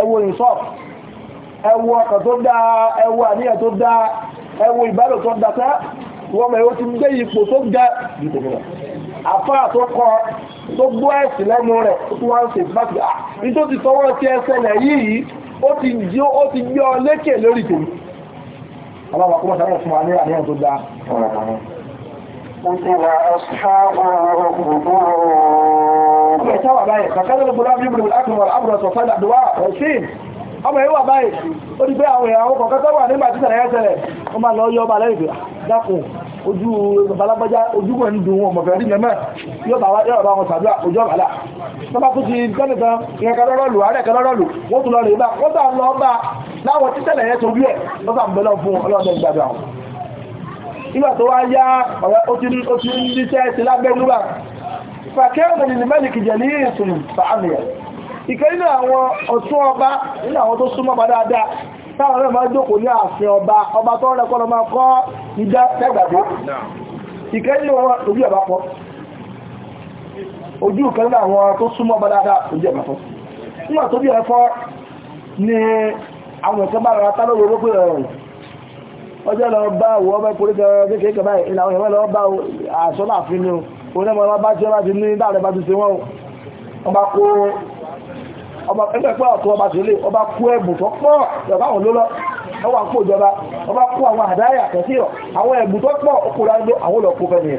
ẹwọ ìsọ́f ẹwọ ọkàn tó dáa ẹwọ àníyàn tó dáa ẹwọ ìbálò tó dáa wọ́n mẹ́rin ó ti gbé ipò tó ga àfá tó kọ tó gbọ́ ẹ̀sì lẹ́nu rẹ̀ ó tún wá ń ṣe ìfàtí àìtó ah, ti tọwọ́ ti ẹsẹ̀lẹ̀ yìí ó ti jí lékè lórí tèmi aláwọ̀ akọ́mọ̀ sáré fún wa ní àníyàn tó dáa ọ̀rọ̀ àwọn táwà báyìí kàkàrẹ̀ gbọ́lá bíbí akọ̀wọ̀ àbúrọ̀sọ̀ fẹ́lẹ̀ àdúwà ọ̀sìn ọmọ ìwà báyìí ó di pé àwọn èèyàn àwọn kọ̀ọ̀kan tó wà nígbà tí sẹ̀rẹ̀ ẹ̀sẹ̀rẹ̀ ó máa lọ yọ ọba lẹ́yìn pé dákun ojú balábọ́já ojúgbọ̀n ń dùn wọn mọ̀fẹ́ rí mẹ́mẹ́ yóò bá wọn sàdúrà ojú ọ̀bàlá tọ́bá tó ti kẹ́nìkan ìyẹn kadọ́rọ́lù ààrẹ kadọ́rọ́lù wọ́n tún lọ rè bá wọ́n tàn lọ wá yá ọ̀rẹ́ ó ti ní sẹ́ẹ̀sì lábẹ́ nígbà fàkẹ́rùn ìlúmẹ́lìkì jẹ̀lì ìsìn fàánìyà ìkẹ́ nínú àwọn ọ̀tún ọba nínú àwọn tó súnmọ́ bá dáadáa táwọn ọ̀rẹ́ máa jókòó ní ààfin ọba ọba tó rẹ̀kọ́lọ máa kọ́ ìdá tẹ́gbàdé ọjọ́ lọ bá ọba ìwọ́n lọ bá àṣọ́láàfin onye bá ṣe láti ní dáàrẹ bá ti ṣe wọ́n ọba kó ẹgbẹ́ pẹ́ ọ̀tọ́ ọba ṣe lè ọba kó ẹ̀bùn tó ọwà kó ọba kó àwọn àdáyà tẹ̀sí ọ̀ àwọn ẹ̀bùn tó pọ̀ okùnrin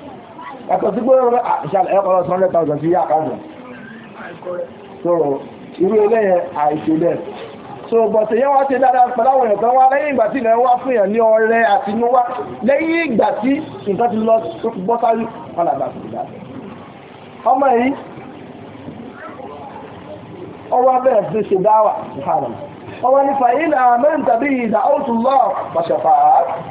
ẹ̀kọ́ sí pé a àṣàlẹ̀ ẹ̀kọ́ lọ sọ́nlẹ̀ tàwọn sí yá káàdùn so irú eléyẹn àìṣe so bọ̀tẹ̀ yẹn wá ṣe dáadáa pẹ̀láwọn èèyàn wá lẹ́yìn ìgbà tí ilẹ̀ wá fún ní àti lẹ́yìn ìgbà tí nǹkan ti lọ sí ọmọ yìí ọwọ́ bẹ́ẹ̀ ṣe dáwà ọwọ́ ilẹ̀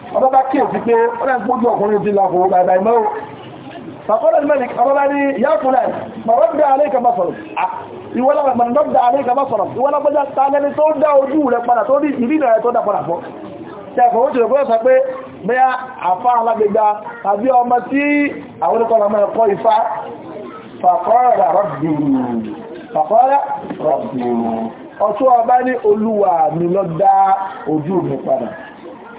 ọbọ́bá kíyèsí pé ọ̀rẹ́ ìpójú ọkùnrin ti làkò bàbá ìmọ́ فقال الملك أرمني يا فلان ما رد عليك بصرك ولا من رد عليك بصرك ولا بدا تعالى تودا وجوه لك فلا تودي يدينا تودا فلا فوق tẹ́fẹ̀ ó jẹ́ gbọ́nà sọ pé bẹ́yà àfá alágbègbà àbí ọmọ tí àwọn olùkọ́lọ̀ ọmọ ẹ̀kọ́ ifá fàkọ́rẹ̀ rọ̀bìnrin ọ̀tún ọba ní olúwa mi lọ dá ojú mi padà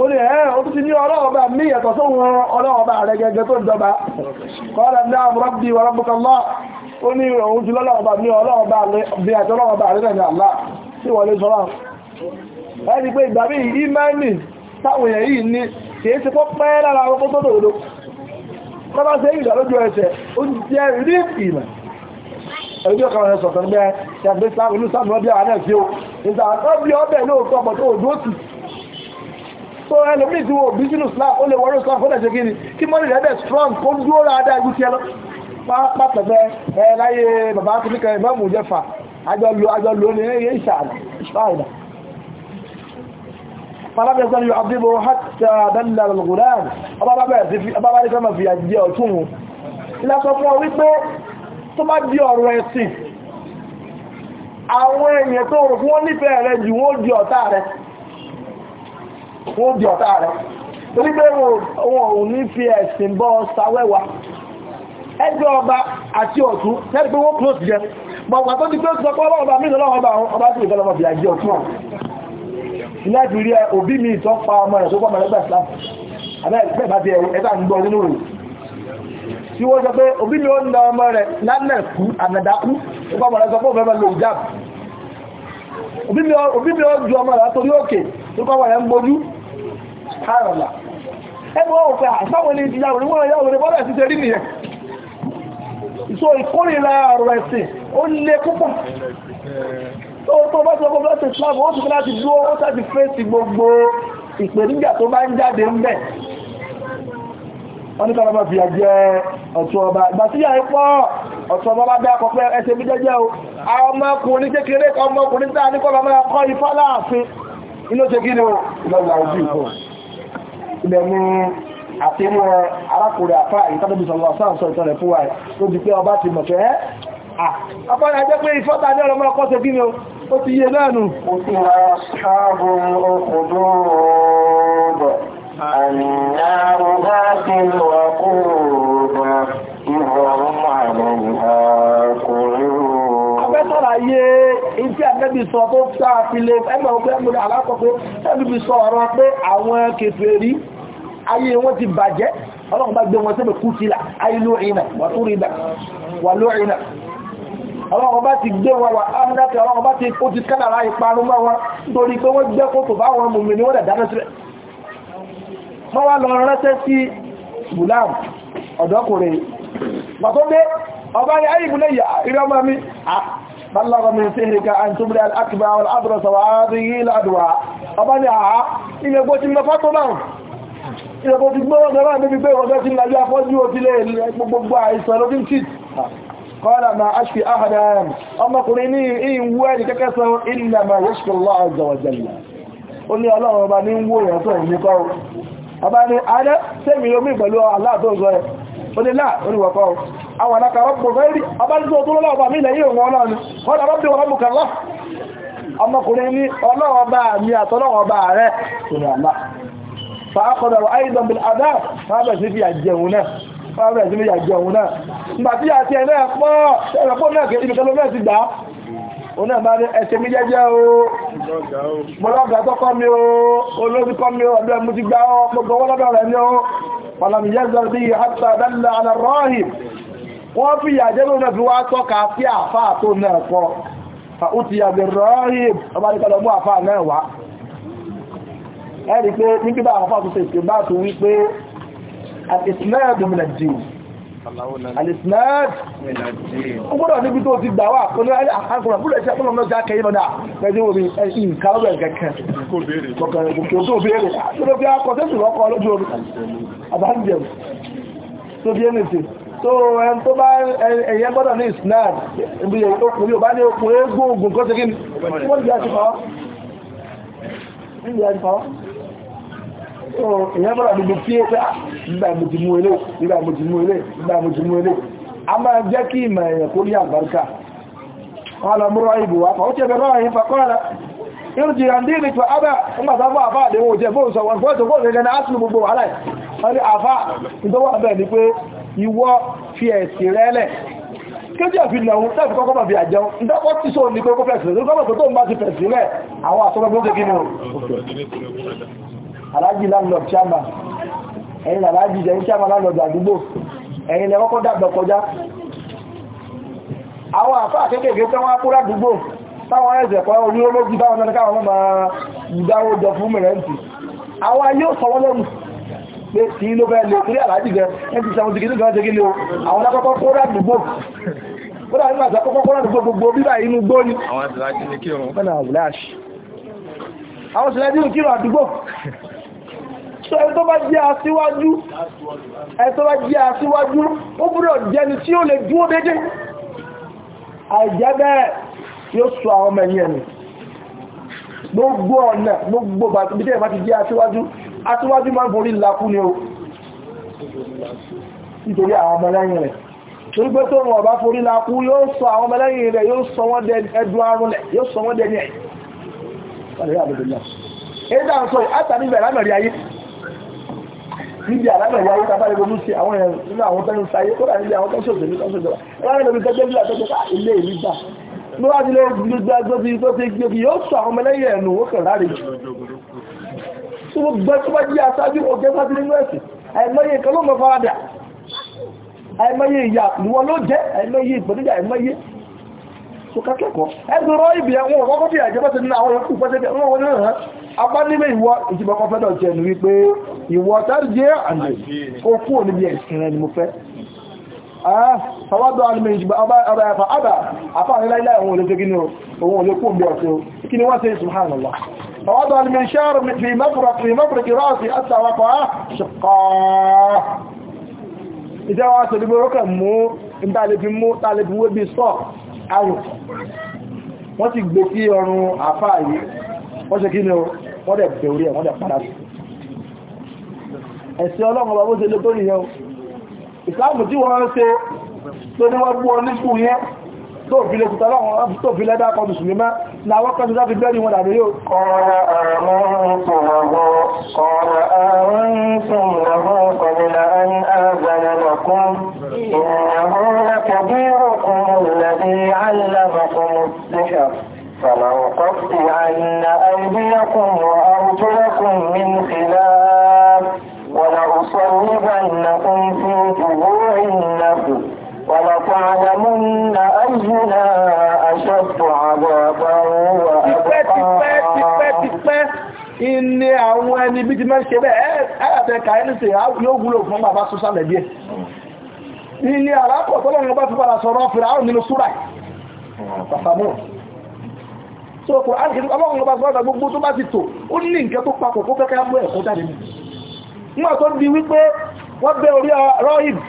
ó ní ẹ̀ ti ní ọlọ́ọ̀bá mí yàtọ̀ sóhun ọlọ́ọ̀bá rẹ̀ gẹ́gẹ́ tó jọba kọ́lá ní ọ na ó ní òun ti lọ́lọ́ọ̀bá mí ọlọ́ọ̀bá bí àti ọlọ́ọ̀bá rẹ̀ ní àlá tí wọlé sọ́lá ẹni pé ìgbà bí ya táwọn èèyàn ní kìí ti kọ́ pẹ́ lára ọkọ́ tó lójú ẹsẹ̀ ó jẹ́ rí ìmọ̀ so ẹlòmíì tí wọ́n bí sínú Islam ó lè wọ́rọ̀ Islam fún ẹ̀ṣẹ̀ gíní kí mọ́lì rẹ̀ bẹ̀ strong kó dúró dáadáa ju ti ẹ lọ pápẹ́fẹ́ ẹ láyé bàbá tó níkan ìmọ̀ mú jẹ́fà àjọ lo àjọ lo ní ẹ̀yẹ ìṣàlẹ̀ ìṣàlẹ̀ fàlábẹ̀ sọ́lẹ̀ yóò abdébò hàtà dálà lọ́gùnrán ọba bá bẹ̀rẹ̀ sí ọba bá ní sọ́mọ̀ fìyà jẹ ọ̀tún wọn ilẹ̀ sọ fún ọ wípé tó bá di ọ̀rọ̀ ẹ̀sìn àwọn èèyàn tó rò fún wọn nífẹ̀ẹ́ rẹ jù wọ́n di ọ̀tá rẹ̀ wọ́n di ọ̀tá rẹ̀ torí pé wọn ò ní fi ẹ̀sìn bọ́ sawẹ́wà ẹgbẹ́ ọba àti ọ̀tún tẹ́lẹ̀ pé wọ́n close jẹ bọ̀gbà tó ti pé sọ pọ́ ọlọ́ọ̀bà mí lọ́wọ́ ọba tí ìfẹ́lọ́mọ̀ bí àjẹ́ ọ̀tún láti rí òbí mi ìtọ́ pa ọmọ rẹ̀ tó pọ̀ mẹ́lẹ́gbẹ̀ Islam abẹ́ẹ̀gbẹ́ bá ti ẹ̀ta ń gbọ́ nínú rẹ̀ tí wọ́n sọ pé òbí mi ó ń da ọmọ rẹ̀ lánàkú ànàdákú tó pọ̀ mẹ́lẹ́gbẹ̀ tó kọ́ wà yẹn gbojú kárọ̀lá ẹgbẹ́ wọ́n fẹ́ àṣáwọn ilé ìyàwó ní wọ́n yàwó ní bọ́lẹ̀ sí ṣe rí nìyẹn so ìkórìíra ọ̀rọ̀ ẹ̀sìn ó lé púpọ̀ tó tó bá ti ọkọ̀ láti islam ó tún láti dúró ó láti fèsì gbogbo ìpèníjà tó bá ń jáde ń bẹ̀ wọ́n ní kọ́nà bá fi àjẹ́ ọ̀tún ọba ìgbà sí yàrá pọ̀ ọ̀tún ọba bá bẹ́ akọ pé ẹsẹ̀ mi jẹ́jẹ́ o àwọn ọmọkùnrin kékeré ọmọkùnrin tá a ní kọ́ inú ṣe gínú lọ́la ojú ìfọ́ ilẹ̀ mú àti mú arákùnrin àfá ìtàbí sọ̀rọ̀ sáà sọ ìtọ́rẹ̀ fún wa tó di pé ọba ti mọ̀ tẹ́ àpáyà jẹ́ pé ìfọ́ta ní ọ̀rọ̀ mọ́kọ́ ṣe gínú ó ti yé náà nù ṣàlàyé iṣẹ́ ẹgbẹ́bí sọ tó sáàfilé ẹgbẹ̀ ọgbẹ́ ẹgbẹ̀ alákọ̀ọ́pẹ́ ẹgbẹ̀bí sọ ọ̀rọ̀ pé àwọn kèfèrí ayé wọn ti bàjẹ́ ọlọ́run bá gbé wọn sẹ́bẹ̀ kú sílà ayílú ìnà wàtúrìdà wà lóòrìnà ọlọ́run bá ti gbé wọn wà ámúdákẹ́ ọlọ́run bá ti kó ti kánàrà ìparun bá wọn nítorí pé wọ́n gbé kókò bá wọn mùmí ni wọ́n dẹ̀ dáná sílẹ̀ wọ́n wá lọ ránṣẹ́ sí gulam ọ̀dọ́kùnrin pàtó dé ọba ni mi ah, بلغ من سهرك أن تبرئ الأكبى والأبرص وهذه الأدواء ọbáni àá ilẹ̀ ẹgbọ́ ti mẹ́fà tó náà ilẹ̀ ẹgbọ́ ti gbọ́rọ̀ gẹ́rà níbi pé ọjọ́ ti lájú afọ́jú ó ti lè gbogbo àìsàn lójú tí kọ́lá ma aṣfi ahàdàm ọmọkùnrin ní ìwú ẹni kẹ́kẹ́ sọ ilẹ̀ ma yashkillah azza wa jalla ó ní ọlọ́run ọba ní ń wó ìrẹ́sọ̀ ìmúkọ́ ọba ní alẹ́ sẹ́mi omi pẹ̀lú aláàtọ̀ ọ̀sọ̀ ẹ̀ onílá oníwọ̀kọ́ àwọn alákàrọ́pù rẹ̀rí abájúgbò tó lọ́wọ́ bá mílẹ̀ yíò wọn lọ́nà wọ́n lọ́wọ́ bí wọ́n mú kàrọ́ ọmọkùnrin ní ọlọ́wọ́ bá mi àtọ́lọ́wọ́ bá rẹ̀ fàákọ̀dọ̀rọ̀ àìdàn bí àdá fàábẹ̀ sí fi àjẹun náà fàábẹ̀ sí fi àjẹun náà nígbà tí àti ẹ̀rẹ́ pọ́ ẹ̀rẹ́ pọ́ náà kìí nìkan ló mẹ́sì gbà ó náà bá jẹ́jẹ́ o mọ́lọ́gà tó kọ́ mi o olóòtú kọ́ mi o ọ̀dọ́ ẹ̀mú ti gbá ọ gbogbo ọwọ́ rẹ̀ ni o falam yazal bihi hatta dalla ala ar-rahib wọ́n fi yàjẹ́ lónà fi wá tọ́ka sí àfá tó náà kọ́ fàútí àbẹ̀ rahib ọba ní kọlọmú àfá náà wá ẹ̀rí pé nígbà àfá tó ṣe ìpínbà tó wípé àti ìsìnlẹ̀ ẹ̀dùnmìnà jìí alisnad ó gbọ́dọ̀ níbi tó ti gbà wà kó ní àkùnrin àbúrò ẹ̀ṣẹ́ pọ́lọ̀ mọ́já kẹyìn lọ́dá pẹ̀lú omi ẹ̀yìn kárọ̀lẹ̀ kẹ̀kẹ́ kò tó béèrè tó bí akọ̀tẹ́sù lọ́kọ̀ lójú omi àbájẹ̀mù tó bí ẹnìtì tó ẹn tó bá ẹ̀yẹ gbọ́dọ̀ ní isnad ibi òkùnrin ò bá ní okùnrin gbóògùn kọ́ ìyẹn bọ́ra gbogbo kí ah, nígbà mo ilé nígbà ilé nígbà ilé a máa jẹ́ kí ìmọ̀ ẹ̀yẹ̀ kó ní àgbàríkà wọ́n ìbò wá ó tẹ́ bẹ̀rọ àyín kéjì àfihàn tẹ́fì kọ́kọ́ bàbí àjẹun ní tó alájì landlord chairman ẹ̀yin alájì jẹ́ chairman landlord àdúgbò ẹ̀yin lẹ kọ́kọ́ dàgbà kọjá àwọn àfáà kéèkéé tán wá kúrò àdúgbò táwọn ẹ̀sẹ̀ kan orí ológun táwọn mẹ́rin káwọn máa ìdáwó jọ fún mẹ́rẹ́ǹtì àwọn ayé ò sọwọ́ lọ́rùn pé tí ló fẹ́ lè kúrò alájì gẹ ẹni sẹ́wọ́n ti kìí gan ṣe kí lè o àwọn akọ́kọ́ kúrò àdúgbò kúrò àdúgbò àti akọ́kọ́ kúrò àdúgbò gbogbo bíbà inú gbó ni àwọn àti láti ní kírun àwọn sì láti ní kírun àdúgbò sọ ẹni tó bá jẹ́ aṣíwájú ẹni tó bá jẹ́ aṣíwájú ó búrọ̀ jẹni tí ó lè dúó dédé àìjẹ́bẹ́ yóò sọ àwọn ọmọ ẹ̀yìn ẹ̀mì gbogbo ọ̀nà gbogbo bàtàbídẹ́ ìbá ti jẹ́ aṣíwájú aṣíwájú máa ń borí lakú ni ó nítorí àwọn ọmọlẹ́yìn rẹ̀ torí pé tó wọn bá forí lakú yóò sọ àwọn ọmọlẹ́yìn rẹ̀ yóò sọ wọ́n dẹ ẹdùn arúnlẹ̀ yóò sọ wọ́n dẹ ní ẹ̀ níbi àlámẹ̀ ìyáwó tàbá ẹgbẹ́ mú sí àwọn ẹ̀rùn nínú àwọn tẹ́nu sáyé kó dà níbi àwọn tẹ́sọ̀ òṣèlú tẹ́sọ̀ ìjọba láàrin lórí tẹ́jẹ́ bí àtọ́jọ́ ká ilé ìlú gbà ló wá sí lórí gbogbo ti tó ti gbé yóò sọ àwọn ọmọlẹ́yìn ẹ̀nu ó kàn láre jù tó gbọ́ tó bá jí aṣáájú ọjọ́ sáájú nínú ẹ̀sìn àìmọye kan ló mọ faradà àìmọye ìyà ìwọ ló jẹ́ àìmọye ìpèníjà àìmọye sọ̀kà kẹ́kọ̀ọ́ ẹgbẹ́ rọ ibi àwọn ọ̀kọ́kọ́ fi àjẹ́bọ́ ti ní àwọn ọ̀kọ́ ìfọ́sẹ́ wọn wọn náà apá nílé ìwọ ìjìbọn kan fẹ́dọ̀ jẹ́ ní wípé ìwọ tàbí jẹ́ àmì ó kúrò níbi ẹ̀sìn rẹ ni mo fẹ́ ah, fọwọ́dọ̀ alìmọ̀ ìjìbọn ọba ẹ̀fà àbà àfà ní láìláì òun olè tegínú òun olè kó bí ọ̀tọ́ kí ni wọ́n ṣe subhanallah fọwọ́dọ̀ alìmọ̀ ìṣẹ́rù fi mọ́kùnrin rọ́ọ̀sì àtàwàkọ̀ ṣùkọ́ ayò wọ́n ti gbé sí ọrùn àfáà yìí wọ́n ṣe kí ni wọ́n dẹ̀ bẹ̀ orí ẹ̀ wọ́n dẹ̀ padà sí ẹ̀sìn ọlọ́run ọba bó ṣe lé tó nìyẹn o ìsìláàmù tí wọ́n ṣe tó ní wọ́n gbú ọ nígbù yẹn tó fi lè kùtà láwọn tó fi lẹ́dá na wakan za fi dari wadda da yau ƙwara amintu rahu ƙwara amintu rahu ƙwabila an azana da kun innahu na kabiru kun lalabi allama kuma sihir فلو قفت عن أيديكم وأرجلكم من خلاف ولأصلبنكم في جذوع النفل ولتعلمن أينا Tipẹ́tipẹ́ ilé àwọn ẹni bí ti mẹ́ ṣe bẹ́ẹ̀ ẹ́yàtẹ̀ kàílìsì yóò wúlò fún bàbá sọ́sà lẹ́bí ẹ̀. Ilé àrápọ̀ tọ́lọ́run bá fi padà sọ̀rọ̀ fìrà áwọn nínú súrà pàtàmùn. So, ọlọ́run bá sọ́rọ̀ gbogbo tó bá ti tò, ó ní nǹkan tó papọ̀ kó fẹ́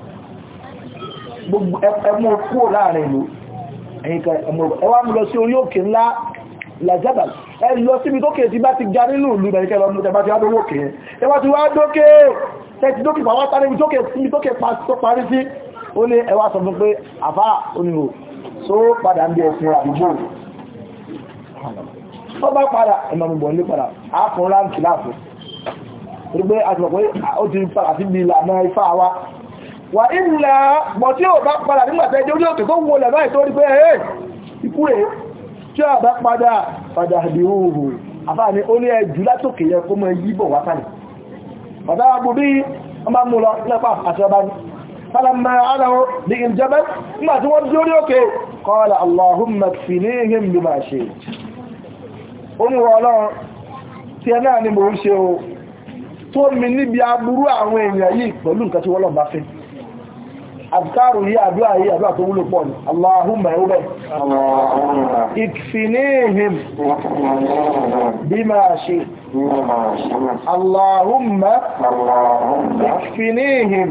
gbogbo ẹmú kúrò láàrin ìlú ẹwà mú lọ sí orí òkè ńlá lajabal ẹ lọ síbi tó kèé tí bá ti ga nínú ìlú bẹ̀rẹ̀ kẹlọ mú tẹbá ti wá dókè tẹbá ti wá dókè tẹ́tí dókè pàwọ́ tàbí ibi tó kèé tó parí sí ó ní ẹwà sọ tó bá wà ilẹ̀ bọ̀ tí ó bá padà nígbàtẹ́ jẹ́ orí òkè tó wọlẹ̀ láì tó rí pé ẹ̀ ikú rẹ̀ tí ó bá padà padà bí oòrùn àfáàní ó ní ẹjù látòkè yẹ kó mọ́ yíbọ̀ wátàlẹ̀ bàbá abu bí wọ́n bá mú lọ àti ọba ní pẹ̀lú nǹkan tí wọ́n lọ bá fẹ́ àbíkárù yí àdúrà yí àdúrà tó wúlò pọ̀ ní aláhùnmà ẹ̀rẹ́ ìkfìníhìm bí máa ṣe aláhùnmà ìkfìníhìm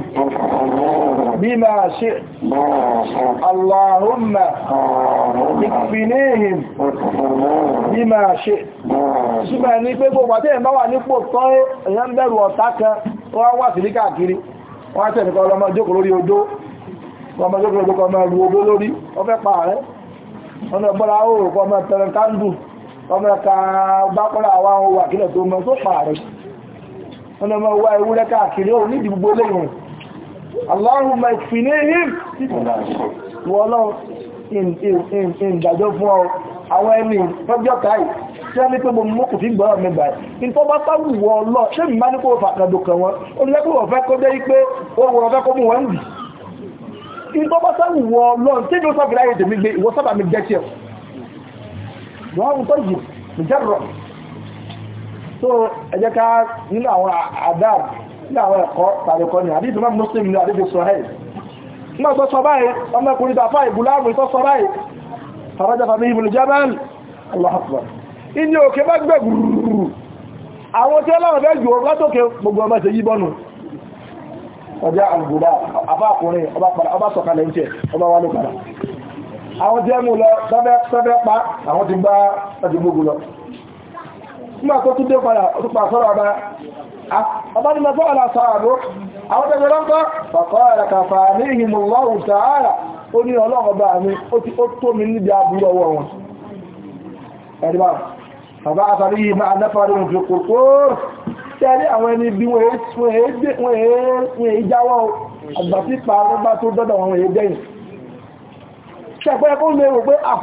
bí máa ṣe aláhùnmà ìkfìníhìm bí máa ṣe ṣígbà ní pé gbogbo àti ẹ̀mọ́ wà nípò tọ́ èyàn bẹ̀rù ọ̀tá kan wọ́n wà sí ní káàkiri wọ́n tẹ̀lẹ̀kọ́ ọlọ́mọ ọmọ jókòó jókòó ọmọ ẹrù ogó lórí ọfẹ́ pa rẹ̀ ọmọ ẹgbọ́ra oòrùn ọmọ ẹtẹrẹ kándù ọmọ ẹka bákọ́rà àwọn ohun wà kílẹ̀ tó mọ tó pa rẹ̀ ọmọ ọmọ wa ewúrẹ́ káàkiri òun nídìí gbogbo lẹ́yìn Allahumma ikfinihim wọ́lọ́ ìdàjọ́ ẹni tọ́jọ́ káì tí a ní pé mo mọ́kù tí gbọ́rọ̀ mẹ́bà ẹ̀. in tó bá tábù wọ́ lọ ṣe mi má ní kó fàkàdùkàn wọn ó ní lẹ́kùn ọ̀fẹ́ kó dé ipé ó wọ́n ọ̀fẹ́ kó mú wọn dì ìgbọ́bọ́sá wọ lọ́n tí ló sọ́bìnrin ayé tèmi gbé ìwọ sábà mi jẹ́ tí ẹ̀ wọ́n wọ́n tó yìí mi jẹ́ rọ̀ so ẹjẹ́ ká nínú àwọn adab nínú àwọn ẹ̀kọ́ tàbíkọ́ ni àdíjù máa muslim ní àdíjù sọ́hẹ́ náà tó sọ báyìí ọmọkùnrin tó afá ìbúláàmù tó sọ báyìí faraja fami ibùn jabal allah akbar inú òkè bá gbẹ̀gbùrù àwọn tí ọlọ́run bẹ́ jù látòkè gbogbo ọmọ ìṣẹ́yí bọ́nu ọjá àgbòdá àbákùnrin ọba sọ̀kalẹ̀ ń tẹ̀ ọba wà ló padà àwọn jẹ́ mú lọ sọ́fẹ́ pa àwọn ti gbá ọdúngbogbo lọ nígbà tó tún dé padà òtúpa sọ́rọ̀ ọba ọba ni mẹ́fọ́ ọ̀la sọ àbó àwọn tẹ́gbẹ́ lọ́pọ̀ ọ̀kọ́ ẹ̀rẹ̀ kàfà ní ìhìmọ̀lọ́wù sàárà ó ní ọlọ́run ọba mi ó ti ó tó mi níbi àbúrò ọwọ́ wọn àtàrí yìí máa òun fi kòkòrò ṣẹ́rí àwọn ẹni bí wọ́n èé jáwọ́ àgbà pípa ọgbà tó dọ́dọ̀ wọn èé dẹ́yìn ṣẹ̀pẹ́ kó lè rò pé ah,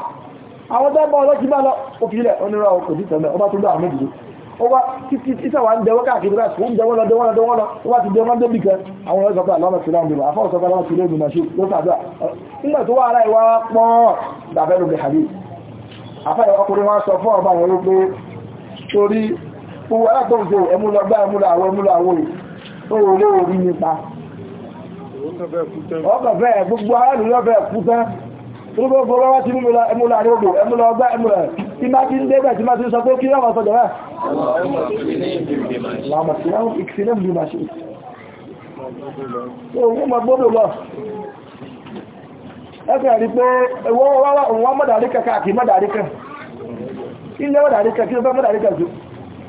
àwọn tẹ́gbọ́ ọlọ́tí bá lọ òfìlẹ̀ onírà òkòdí tẹ̀lẹ̀ ọba tó dọ́ àmì ìdílé ọba títí títà wà ń dẹwọ́ káàkiri rẹ̀ fún dẹwọ́ lọ dẹwọ́ lọ dẹwọ́ lọ wá ti dẹwọ́ débì kan àwọn ọ̀rẹ́ sọpẹ́ àlọ́mọ̀ sílẹ̀ òmìnira àfọ́ọ̀ sọpẹ́ àlọ́mọ̀ sílẹ̀ òmìnira ṣe ló sàdọ́ nígbà tó wà ara ìwà pọ́n dàbẹ́rù bẹ̀hàbí àfẹ́ ọkùnrin wọn sọ fún ọba àwọn olóògbé torí gbogbo alákọ̀ọ́sọ ẹmúlọgbá ẹmúlọ àwọn olówó rí nípa ọkọ̀ gbogbo aláàrùlọ́fẹ́ kúta gbogbo fọlọ́wọ́ ti múlọ ẹmúlọ ẹmúlọ tí má ti ń tí má ti ń sọ pé kí kí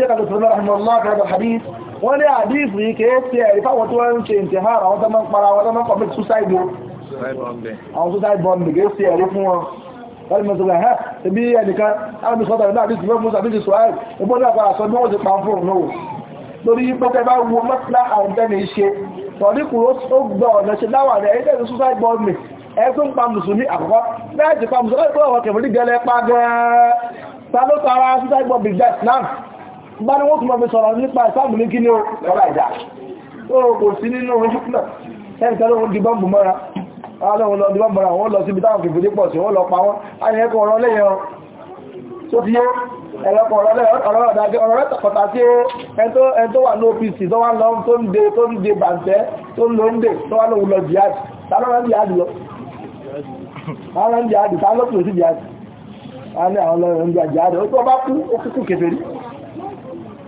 الشيخ عبد الرحمن رحمه الله في هذا الحديث wọ́n ní àdíìsì yìí kìí ṣe ẹ̀rí fáwọn tí wọ́n ń ṣe ìtẹ̀hára àwọn tó máa ń para wọn tó máa ń kọ̀ mẹ́tì suicide àwọn suicide bomb kìí ṣe ẹ̀rí fún wọn wọ́n mọ̀ sọ́gbà ẹ̀ ẹbí ẹnìkan àwọn ìṣọ́tà ìlú àdíìsì fún musa bíi sọ ẹ̀ ẹgbọ́n ní àpàrà sọ bí wọ́n ti pa fún òun náà lórí pẹ́kẹ́ bá wo mọ́tílá àwọn àkọ́kọ́ bẹ́ẹ̀ ti pa mùsùlùmí ọ̀kẹ̀mọ̀lì gẹ́lẹ́ pa gan-an ta ló tara islam bá ní wọ́n tún mọ́ fi sọ̀rọ̀ nípa ìsáàmù ní kíní ọ̀rọ̀ ìdá ó kò sí nínú hikmet ẹnìkan ló ń di bọ́m̀bù mọ́ra aláwọn lọ di bọ́m̀bù mọ́ra wọ́n lọ síbi táwọn kìfìdí pọ̀ sí wọ́n lọ pa wọ́n ayẹyẹkọ̀ ọ̀rọ̀ lẹ́yìn tó ti yé ẹ̀lọ́pọ̀ ọ̀rọ̀ rẹ̀ tọ̀kọ̀tà sí ẹn tó wà ní OPC tó wá lọ tó ń dé tó ń dé bàǹtẹ́ tó ń lọ ń dé tó wá lọ wùlọ jihad tánàrán jihad lọ tánàrán jihad tánàrán jihad tánàrán jihad ó tó bá kú ó kúkú kèfèrí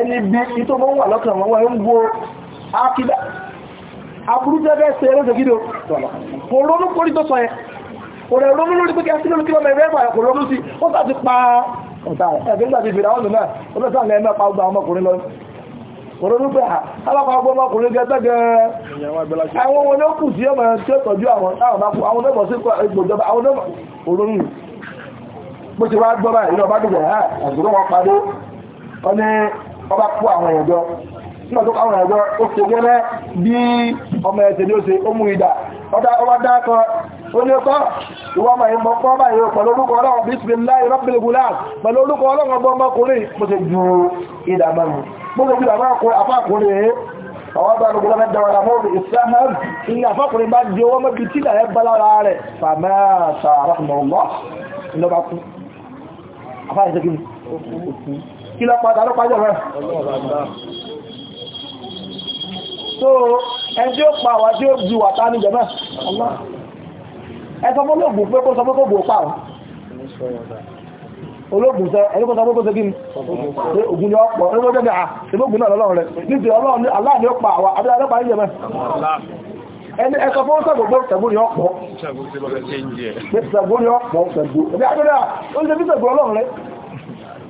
ẹni bí i tó bọ́ wà lọ́kàn wọn wọ́n ń gbó ákídá aburú jẹ́gẹ́ ṣe eré jẹ́gídò kò ronú kórí tó sọ yẹ kò rẹ̀ ronú lórí pé kí a sílẹ̀ kí wọ́n mẹ́rẹ́ fà kò ronú sí ó sá ti pa ọ̀tá ẹ̀fẹ́ nígbà ti bèèrè àwọn náà ó fẹ́ sáà lẹ́ẹ̀mẹ́ pa ọgbà ọmọkùnrin lọ kò ronú pé alápá ah, ọgbà ọmọkùnrin gẹ tẹ́gẹ́ àwọn wọn ló kù sí ọmọ tí ó tọ́jú àwọn táwọn bá kú àwọn náà bọ̀ sí ipò ìjọba àwọn náà kò ronú bó ti wá gbọ́ báyìí lọ bá dùgbọ̀ wọ́n bá kó àwọn èèyàn jọ nígbà tó káwọn èèyàn jọ ó ṣe gẹ́lẹ́ bí ọmọ ẹ̀sẹ̀ ni ó ṣe ó mú ìdà ọba dákọ ó ní ọkọ́ ìwọ ọmọ ìmọ̀ pọ́ báyìí ó pẹ̀lú orúkọ ọlọ́run bismillah rabbil gulam pẹ̀lú orúkọ ọlọ́run ọgbọ́n ọmọkùnrin mo ṣe ju ìdà mọ́nu gbogbo ìdà máa kọ afákùnrin àwọn bá rúgbọ́n mẹ́ta wà láwọn òbí ìsáhàn ní àfọ́kùnrin bá di owó mẹ́bí kí lọ padà lọ pàjọ rẹ̀ so ẹn tí ó pa wà tí ó ju wà táà ní jẹ́mẹ́ ẹsọ fún olóògùn pé kó sọ pé kó bò pa olóògùn sẹ ẹni kó sọ pé kó segin pé ògùn ni ọ̀pọ̀ ẹni kó jẹ́ à ìlóògùn ah, náà lọ́lọ́run rẹ̀ nítorí ọlọ́run ní aláàdí ó pa ni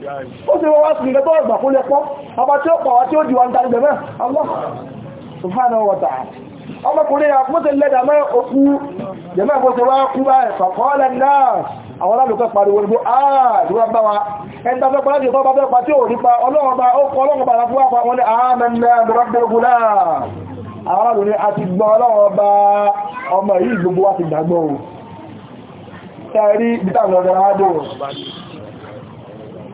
ó sì wọ́n wá sí ìgbẹ́ tó ọgbà kó lẹ́pọ́ ọba tí ó pàwà tí ó jùwà ń tàbí bẹ̀rẹ̀ Allah subhanahu wa ta'ala ọmọkùnrin àpótẹ́ lẹ́dà mẹ́ òkú jẹ́mẹ́ kó ti wá kú báyìí fàkọ́ọ́lẹ̀ náà àwọn alálùkọ́ pariwo ní bó ààdúrà bá wa ẹnta fẹ́ pàdé tó bá fẹ́ pàtí ò nípa ọlọ́ọ̀bá ó kọ ọlọ́ọ̀bá fún àpá wọn ní àmẹ́lẹ́ àdúrágbẹ́gbẹ́ náà àwọn alálùkọ́ àti gbọ́ ọlọ́ọ̀bá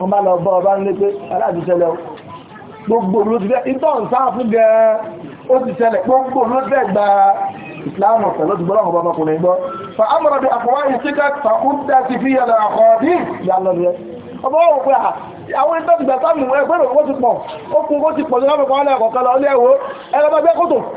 wọ́n bá lọ bọ́ ọba nílé pé aláàbíṣẹ́lẹ̀ gbogbo ló ti fẹ́ ìtọ́ ń sáà fún gẹ ó ti ṣẹlẹ̀ gbogbo ló gba ìsìláàmù ọ̀sẹ̀ ti bọ́ lọ́wọ́ gbọ́ fa amọ̀rọ̀ bí àkọwá yìí ti fi yàlọ̀ àkọ́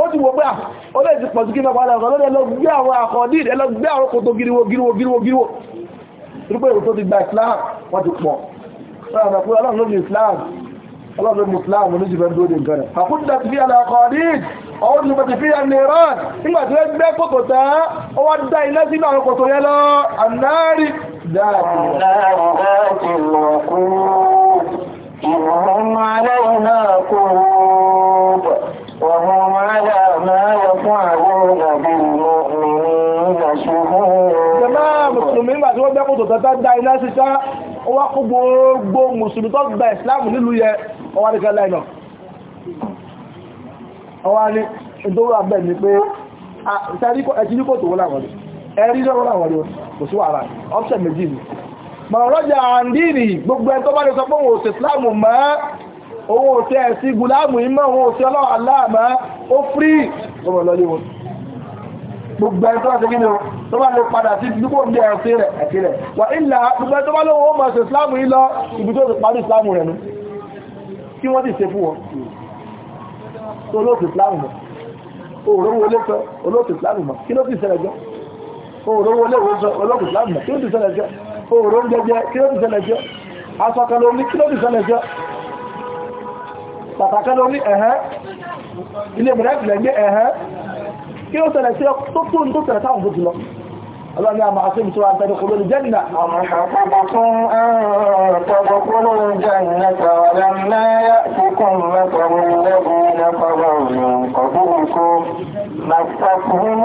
ó ti wò pé ah, ó lè ti pọ̀jù kí n pàdà ọ̀rọ̀ lórí ẹlọgbé àwọn àkọ̀dí ẹlọgbé àwọn kòtò gíríwó gíríwó gíríwó gíríwó nígbà èrò tó ti Islam wọ́n ti Islam ọlọ́run ló ní Islam oníjì fẹ́ dúró de nǹkan rẹ̀ àkúndà ti fi àlà àkọ̀dí ọwọ́ ti fẹ́ ti fi àlà ìran nígbà tí wọ́n gbẹ́ kòtò tán ó wá dá iná sínú àwọn kòtò yẹn lọ ànáàrí dáàbò tó dá iná síta ó wá kó gbogbo mùsùlùmí tó gba ìsìláàmù nílùú yẹ ọwá ní kẹlẹ́ náà ọwá ní ìdóró abẹ́ ní pé ẹ̀tí ní kò tó wọ́n láwọn rí ẹ̀rí lọ́wọ́ láwọn rí kò sí wàhálà ọ́pṣẹ̀ méjì ni mọ̀rọ̀lọ́jà àndínì gbogbo ẹ̀ tó bá lè sọ pé òun ò sí ìsìláàmù mọ́ òun ò sí ẹ̀sí gùláàmù ìmọ̀ òun ò sí ọlọ́ tó bá lè padà sí ìdíkò ní ẹ̀sìn rẹ̀ ẹ̀sìn rẹ̀ wà ilẹ̀ àpùpẹ́ tó bá lówó mọ̀ sí ìsìláàmù yìí lọ ibi tó ti parí ìsìláàmù rẹ̀ nú kí wọ́n ti ṣe fún wọn tó olóòtú ìsìláàmù mọ̀ òòrówó lẹ́fẹ́ olóòtú ìsìláàmù mọ̀ kí ló ti ṣẹlẹ̀ jẹ́ òòrówó lẹ́wọ́fẹ́ olóòtú ìsìláàmù mọ̀ kí ló ti ṣẹlẹ̀ jẹ́ òòró ń jẹjẹ kí ló ti ṣẹlẹ̀ jẹ́ asọ̀kẹ́lẹ́ omi kí ló ti ṣẹlẹ̀ jẹ́ pàtàkẹ́lẹ́ omi ẹ̀hẹ́ ilé mìíràn ìpìlẹ̀ ní ẹ̀hẹ́ kí ó ṣẹlẹ̀ sí ọ tó tó ń tó ṣẹlẹ̀ táwọn tó ti lọ الله نعم عاصم سواء تدخلوا الجنة وما حفظكم أن تدخلوا الجنة ولما يأتكم مثل الذين فروا من قبلكم مستهم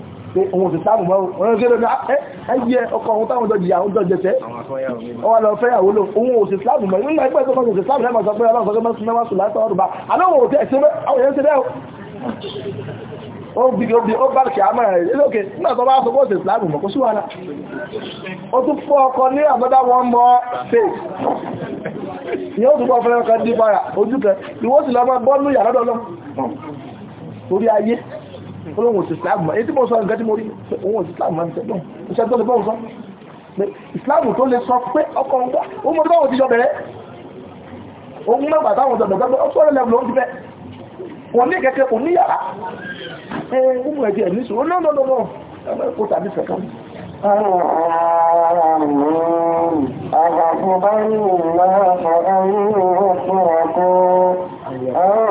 pé òun ti sáàmù mọ́ ọ̀rọ̀ gẹ́gẹ́ bẹ́ẹ̀ ẹgbẹ́ ọkọ̀ ohun táwọn jọjì àwọn jọjẹ tẹ́ ọwọ́ lọ fẹ́ ìyàwó lò òun ò sì sáàmù mọ́ nígbà ẹgbẹ́ tó kọ́sì sáàmù lẹ́mọ̀ sọ pé ọlọ́run sọ pé mẹ́sùn mẹ́wàá sùn láti ọdún bá aláwọ̀ òtẹ́ ẹ̀sẹ̀ àwọn èèyàn ti bẹ́ẹ̀ ó bí obì ó bá kìí àmọ́ rẹ̀ lókè nígbà tó bá sọ olóhùn òsì islam ma ètí mo sọ nǹkan tí mo rí òhun òsì islam ma ń sẹ́gbọ́n iṣẹ́ tó lè bọ́ sọ islam tó lè sọ pé ọkọ̀ ń gbá ó mọ̀ báwọn ti jọ bẹ̀rẹ̀ ohun mẹ́gbà táwọn ọ̀dọ̀ gbẹ́gbẹ́ ó sọ́rọ̀ lẹ́gbẹ̀ẹ́ ó ti bẹ́ wọn ní kẹ́kẹ́ kò ní yàrá ẹ̀ẹ́n ó mú ẹ̀jẹ̀ ní sùn ó náà náà náà ẹ̀mẹ́ kó tàbí sẹ̀kán أَغَفُ بَيْنَا فَأَيُّ أَخْرَكُ أَوْ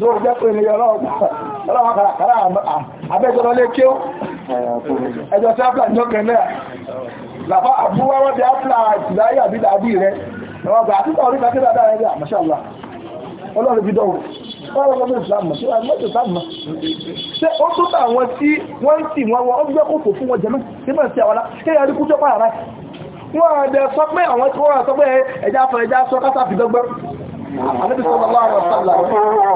ló jẹ́ pé ní ọlọ́wọ́ kàràkàrà abẹ́jọ́rọ̀ lé kí ó ẹjọ́ tí ápùlà ní ọkẹ̀ náà làfá àbúwá wọ́n ti ápùlà ìdáyé àbídà àbí rẹ̀ ẹwọ́n gbà àtúntà orí kàkí dáadáa rẹ̀ àmàṣàlá ọlọ́rẹ̀ bí dọ́wọ́ ṣe ó tó tà wọn tí wọ́n sì wọ́n wọ́n ọdún jẹ́ kòkò fún wọn jẹ́mẹ́ tí mọ̀ sí àwọ́lá kí ẹ̀rí kú jọ́ pààrà wọ́n àdẹ̀ sọ pé àwọn tí wọ́n rà sọ pé ẹjá fọ ẹjá sọ kásà fi dọ́gbọ́n النبي صلى الله عليه وسلم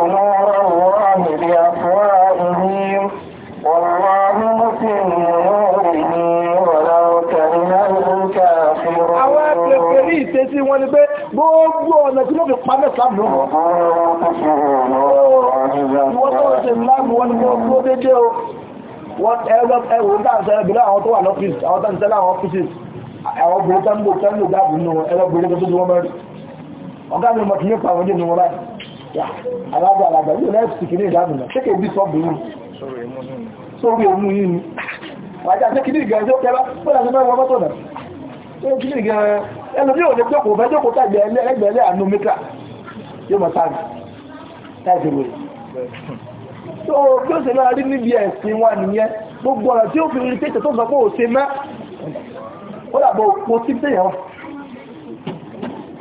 نور الله بأفواههم والله مسلم نوره ولو كره الكافرون àwọn akẹ́kẹ́ ní ìtẹ́sí wọn ni pé gbogbo ọ̀nà tí ló fi pa mẹ́ta mú wọ́n tó ṣe láàmù wọn ni gbogbo dédé o wọ́n ẹwọ dáàṣẹ́ ìbílẹ̀ àwọn tó wà lọ́fíìsì àwọn tó ń tẹ́lẹ̀ àwọn ọ́fíìsì àwọn obìnrin tẹ́m̀bò tẹ́m̀bò dáàbò nínú ẹlọ́gbìnrin tó tó wọ́n mẹ́rin ọ̀gá mi mọ̀ kí ní pa àwọn ọdún wọn láì alága alága yóò láì sì kìíní ìdáàbò náà ṣé kò bí sọ́ọ̀bù yìí sórí òun yìí ni wàjá ṣé kìíní ìgbà ẹjọ́ kẹlá ó dàbí mẹ́wàá mọ́tò náà ṣé kìíní ìgbà ẹnu bí òde jókòó fẹ́ jókòó tàbí ẹgbẹ̀ẹ́lẹ́ àánú mítà yóò mọ̀ sáàbì láìsí wòye tó bí ó ṣe náà rí níbi ẹ̀sìn wa nìyẹn gbogbo ọ̀rọ̀ tí ó fi rí tètè tó sọ pé ò ṣe mẹ́ ó dàbọ̀ òpó tí tèèyàn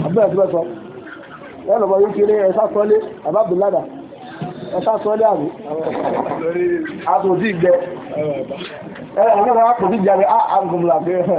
àbúrò ẹ̀sìn mẹ́sọ wọ́n lọ́mọ yìí kiri ẹ̀sà sọ́lé àbábùládà ẹ̀sà sọ́lé àbí àtòjì ẹ̀rọ àwọn ọmọ àtòjì jáde àgùnmùlà ẹ̀sẹ̀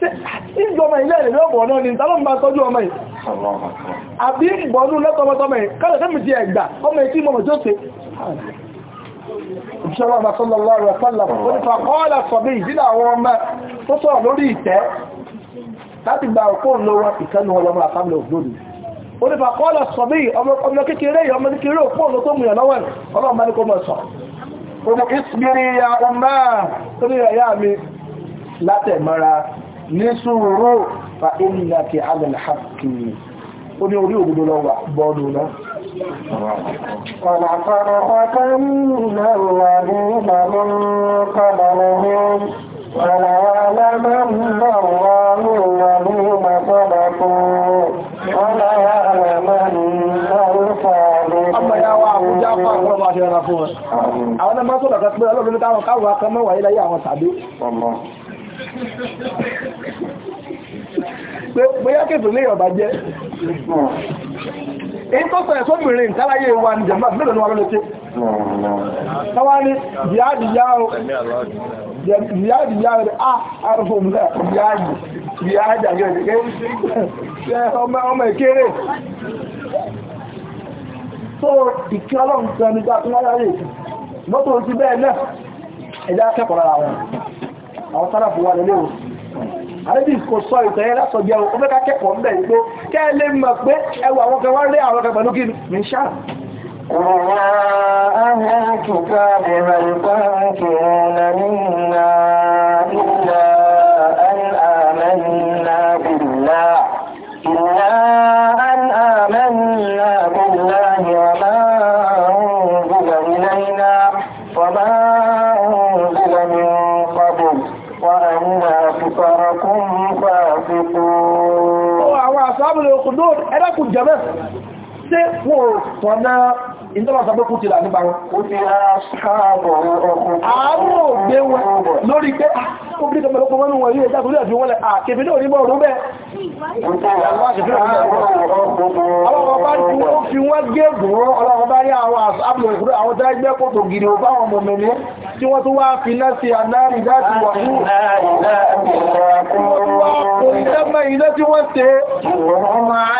ìjọ ọmọ ilé ẹ̀rẹ̀ lọ́bọ̀ náà ni tàbí bá tọ́jú ọmọ yìí àbí ìbọ̀nú lọ́tọ̀ọmọ yìí kọ́lẹ̀ tẹ́mì ti ẹ̀gbà ọmọ ìtí mọ̀mọ̀ tó ṣe ìṣẹ́lọ́ ọmọ sọ́lọ́lọ́ rẹ̀ sọ́lọ́ onípa kọ́ọ̀lá sọ̀bí ìdílà àwọn ọmọ tó sọ̀rọ̀ lórí ìtẹ́ láti gba òkú lọ́wọ́ ìkẹ́nu ọlọ́mọ àfáàmì ògbóni onípa ní sùúrù fa innaki ala al-haqqi ó ní orí òdodo lọ wà bọ́ọ̀lù náà ولقد ختمنا الذين من قبلهم وليعلمن الله الذين صدقوا Àwọn ọmọ sọ́dọ̀ kan pé ọlọ́run ní táwọn káwàá kan mọ́wàá ilẹ̀ yà àwọn tàbí bóyá kèfè lè ọ̀bá jẹ́ èyí tó sọ̀rẹ̀ sóbìnrin ìtàláyé wa ní jẹ̀mbà mẹ́lẹ̀ ní wa lọ́lọ́ tí tọ́wá ní yáàdìyà rẹ̀ àrùfò mẹ́ yáàdìyà rẹ̀ ọmọ ìkéré tó ìkẹ́ ọlọ́run tẹ́ ní àwọn sáràfù wà lẹ́lẹ́ òsì àrẹ́bí kò sọ ìtọ̀ yẹn lásọ ọmọ kẹ́kọ̀ọ́ mẹ́ ìgbó kẹ́ lè mọ̀ pé ẹwà àwọn kan rí àwọn kan pẹ̀lú kí ṣáà Ọ̀rọ̀ jẹ́mẹ́ ṣe wọ́n tọ́nà ìjọba sọ pé kú ti là nígbà wọn àárò gbé wọn lórí pé obìnrin ah, kan mẹ́lọ́pọ̀ mọ́nú wọn yíò ìjà torí àti wọ́n lẹ àkèfì ah, náà nígbà ọ̀rọ̀ bẹ́ẹ̀ ọlọ́wọ́ bá ní wọ́n fi wọ́n gẹ́gùn ọlọ́wọ́ bá rí àwọn àbúrò ìkúrò àwọn tẹ́gbẹ́ kò tó gidi ọba àwọn mọ̀mẹ́ni tí wọ́n tó wá fi náà sí àdáàrí láti wà fún ọ̀rọ̀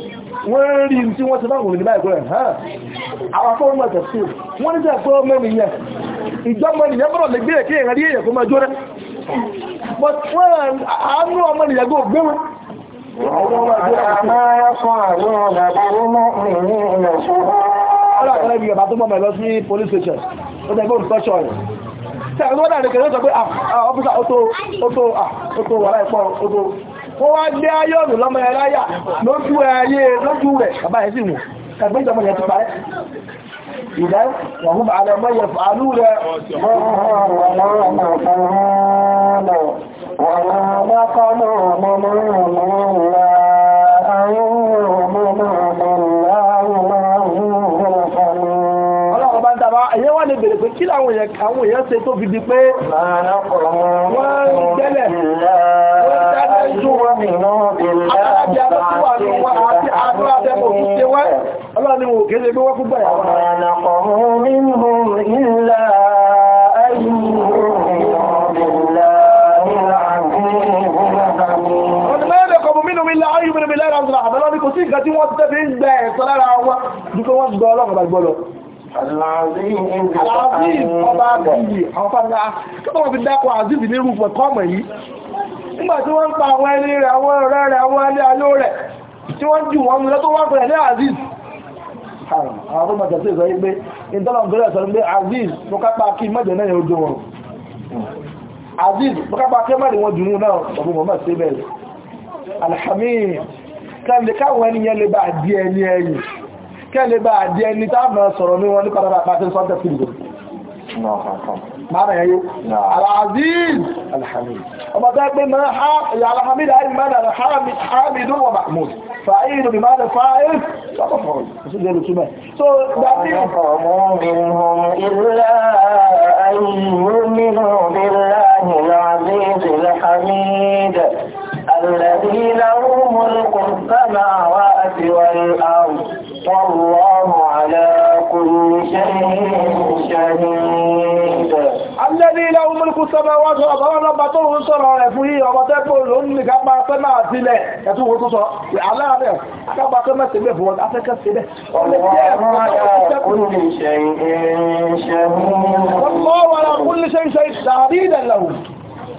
wọ́n rí tí wọ́n ti bá wùn ní báyìí kúrẹ̀ hàn àwọn akọ́wọ́n mọ̀ tẹ̀sí wọ́n ní jẹ́ pé ọmọ mi yẹn ìjọmọ nìyẹn bọ́rọ̀ lè gbé èké ìrìn rí èyàn kó máa jóná but wọ́n àánú ọmọ nìyẹn gbó gbé wọn Ọlọ́pàá ẹgbẹ̀rẹ̀ bá tó mọ́ police station, pé, ah, ọ́fíṣà, ó tó wà láìpọ̀, ó tó, kó wá gbé ayọ́nù lọ́mọ ẹ̀láyà lójú ẹ̀yẹ lójú rẹ̀ bàbá ẹ̀ sì mú ẹgbẹ́ ìjọmọ̀ yẹn ti parẹ́ ìdán wọ̀hún àlẹ́mọ́ yẹ fàálù rẹ̀ wọ́n wá lè bèèrè pé kí làwọn èèyàn àwọn èèyàn ṣe tó fi pé wọ́n tẹ́lẹ̀ tẹ́lẹ̀ jù wọn àtàlábí alọ́tíwà ní wọ́n àti àtàlábẹ́ òkú ṣe wọ́n ọlọ́ni wò kéde pé wọ́n púpọ̀ ìyàwó Ọdún mẹ́rin kò sí ìgbà tí Nígbà tí wọ́n ń pa àwọn ẹni rẹ̀, àwọn ọ̀rẹ́ rẹ̀, àwọn ẹni aló rẹ̀, tí wọ́n jù wọn lọ tó wá pẹ̀lẹ̀ ní Aziz. Àwọn tó mọ̀tẹ̀ sí ìsọ yí pé, ìtọ́lọ̀ gẹ́rẹ̀ sọ pé Aziz tó kápá kí mẹ́jẹ̀ náà yóò dùn wọn. Aziz tó kápá kí mẹ́rin wọn dùn náà, ọ̀pọ̀ mọ̀ sí bẹ̀rẹ̀. Alhamid, kẹ́ kẹ́lẹ̀ bá àdí ẹni táàmà sọ̀rọ̀ ní wọn ní padà pàtí sọ́tẹ̀ sí ìgbò Al-Aziz Al-Hamid ọmọ tó ẹgbẹ́ mọ́ Al-Hamid Al-Hamid Al-Hamid wa Mahmud fa'il bi ma'ana fa'il sọ́kọ̀ fọ́rọ̀ ìsúnjẹ́ lè túnmẹ̀ so dàbí ọmọ minhum illa an yu'minu billahi al-aziz al-hamid alladhi lahu mulku as-samawati wal-ard والله على كل شيء شهيد الذي له ملك السماوات والارض رب تورن sọ̀rọ̀ rẹ̀ fún yí ọmọ tẹ́kọ̀ ló ń ní kápá pẹ́ máa sílẹ̀ ẹ̀tún wo tó sọ aláàrẹ̀ kápá pẹ́ máa sílẹ̀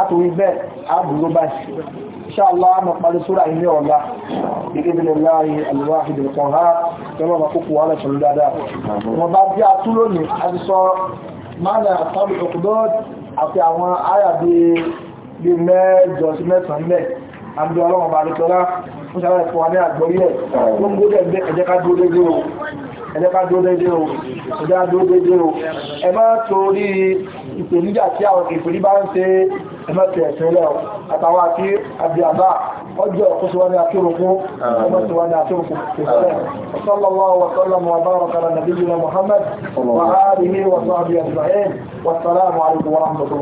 àtòrí bẹ́ẹ̀ àbúrò báyìí ṣáàlá àmà parí sóra ilé ọ̀gá ìgbébìnrin láàrin àlúwà ìdìrìkan ha tẹ́lọ́ ma kókò wà lẹ́sọ̀rọ̀ dáadáa wọ́n bá bí a túrò ní àdìsọ mánà àtàbí ọkùdọ́d àti àwọn àyà bí mẹ́jọ sí mẹ́sàn-án mẹ́ àbí ọlọ́run bá lè tọ́lá ń ṣàlàyé fún wa ní àgbọ́yẹ̀ tó ń gbódẹ̀ gbé ẹ̀jẹ̀ ká o ẹ̀jẹ̀ ká o ẹ má torí ìpèníjà tí àwọn ìpèníjà bá ń ṣe ẹmẹ́tì ẹ̀sìn ilẹ̀ àtàwọn àti àbíàbá ọjọ́ ọkùnṣíwá ní akéròkú ọmọṣíwá ní akéròkú ìfẹ́ sallallahu wa sallam wa baraka ala nabiyyina muhammad wa alihi wa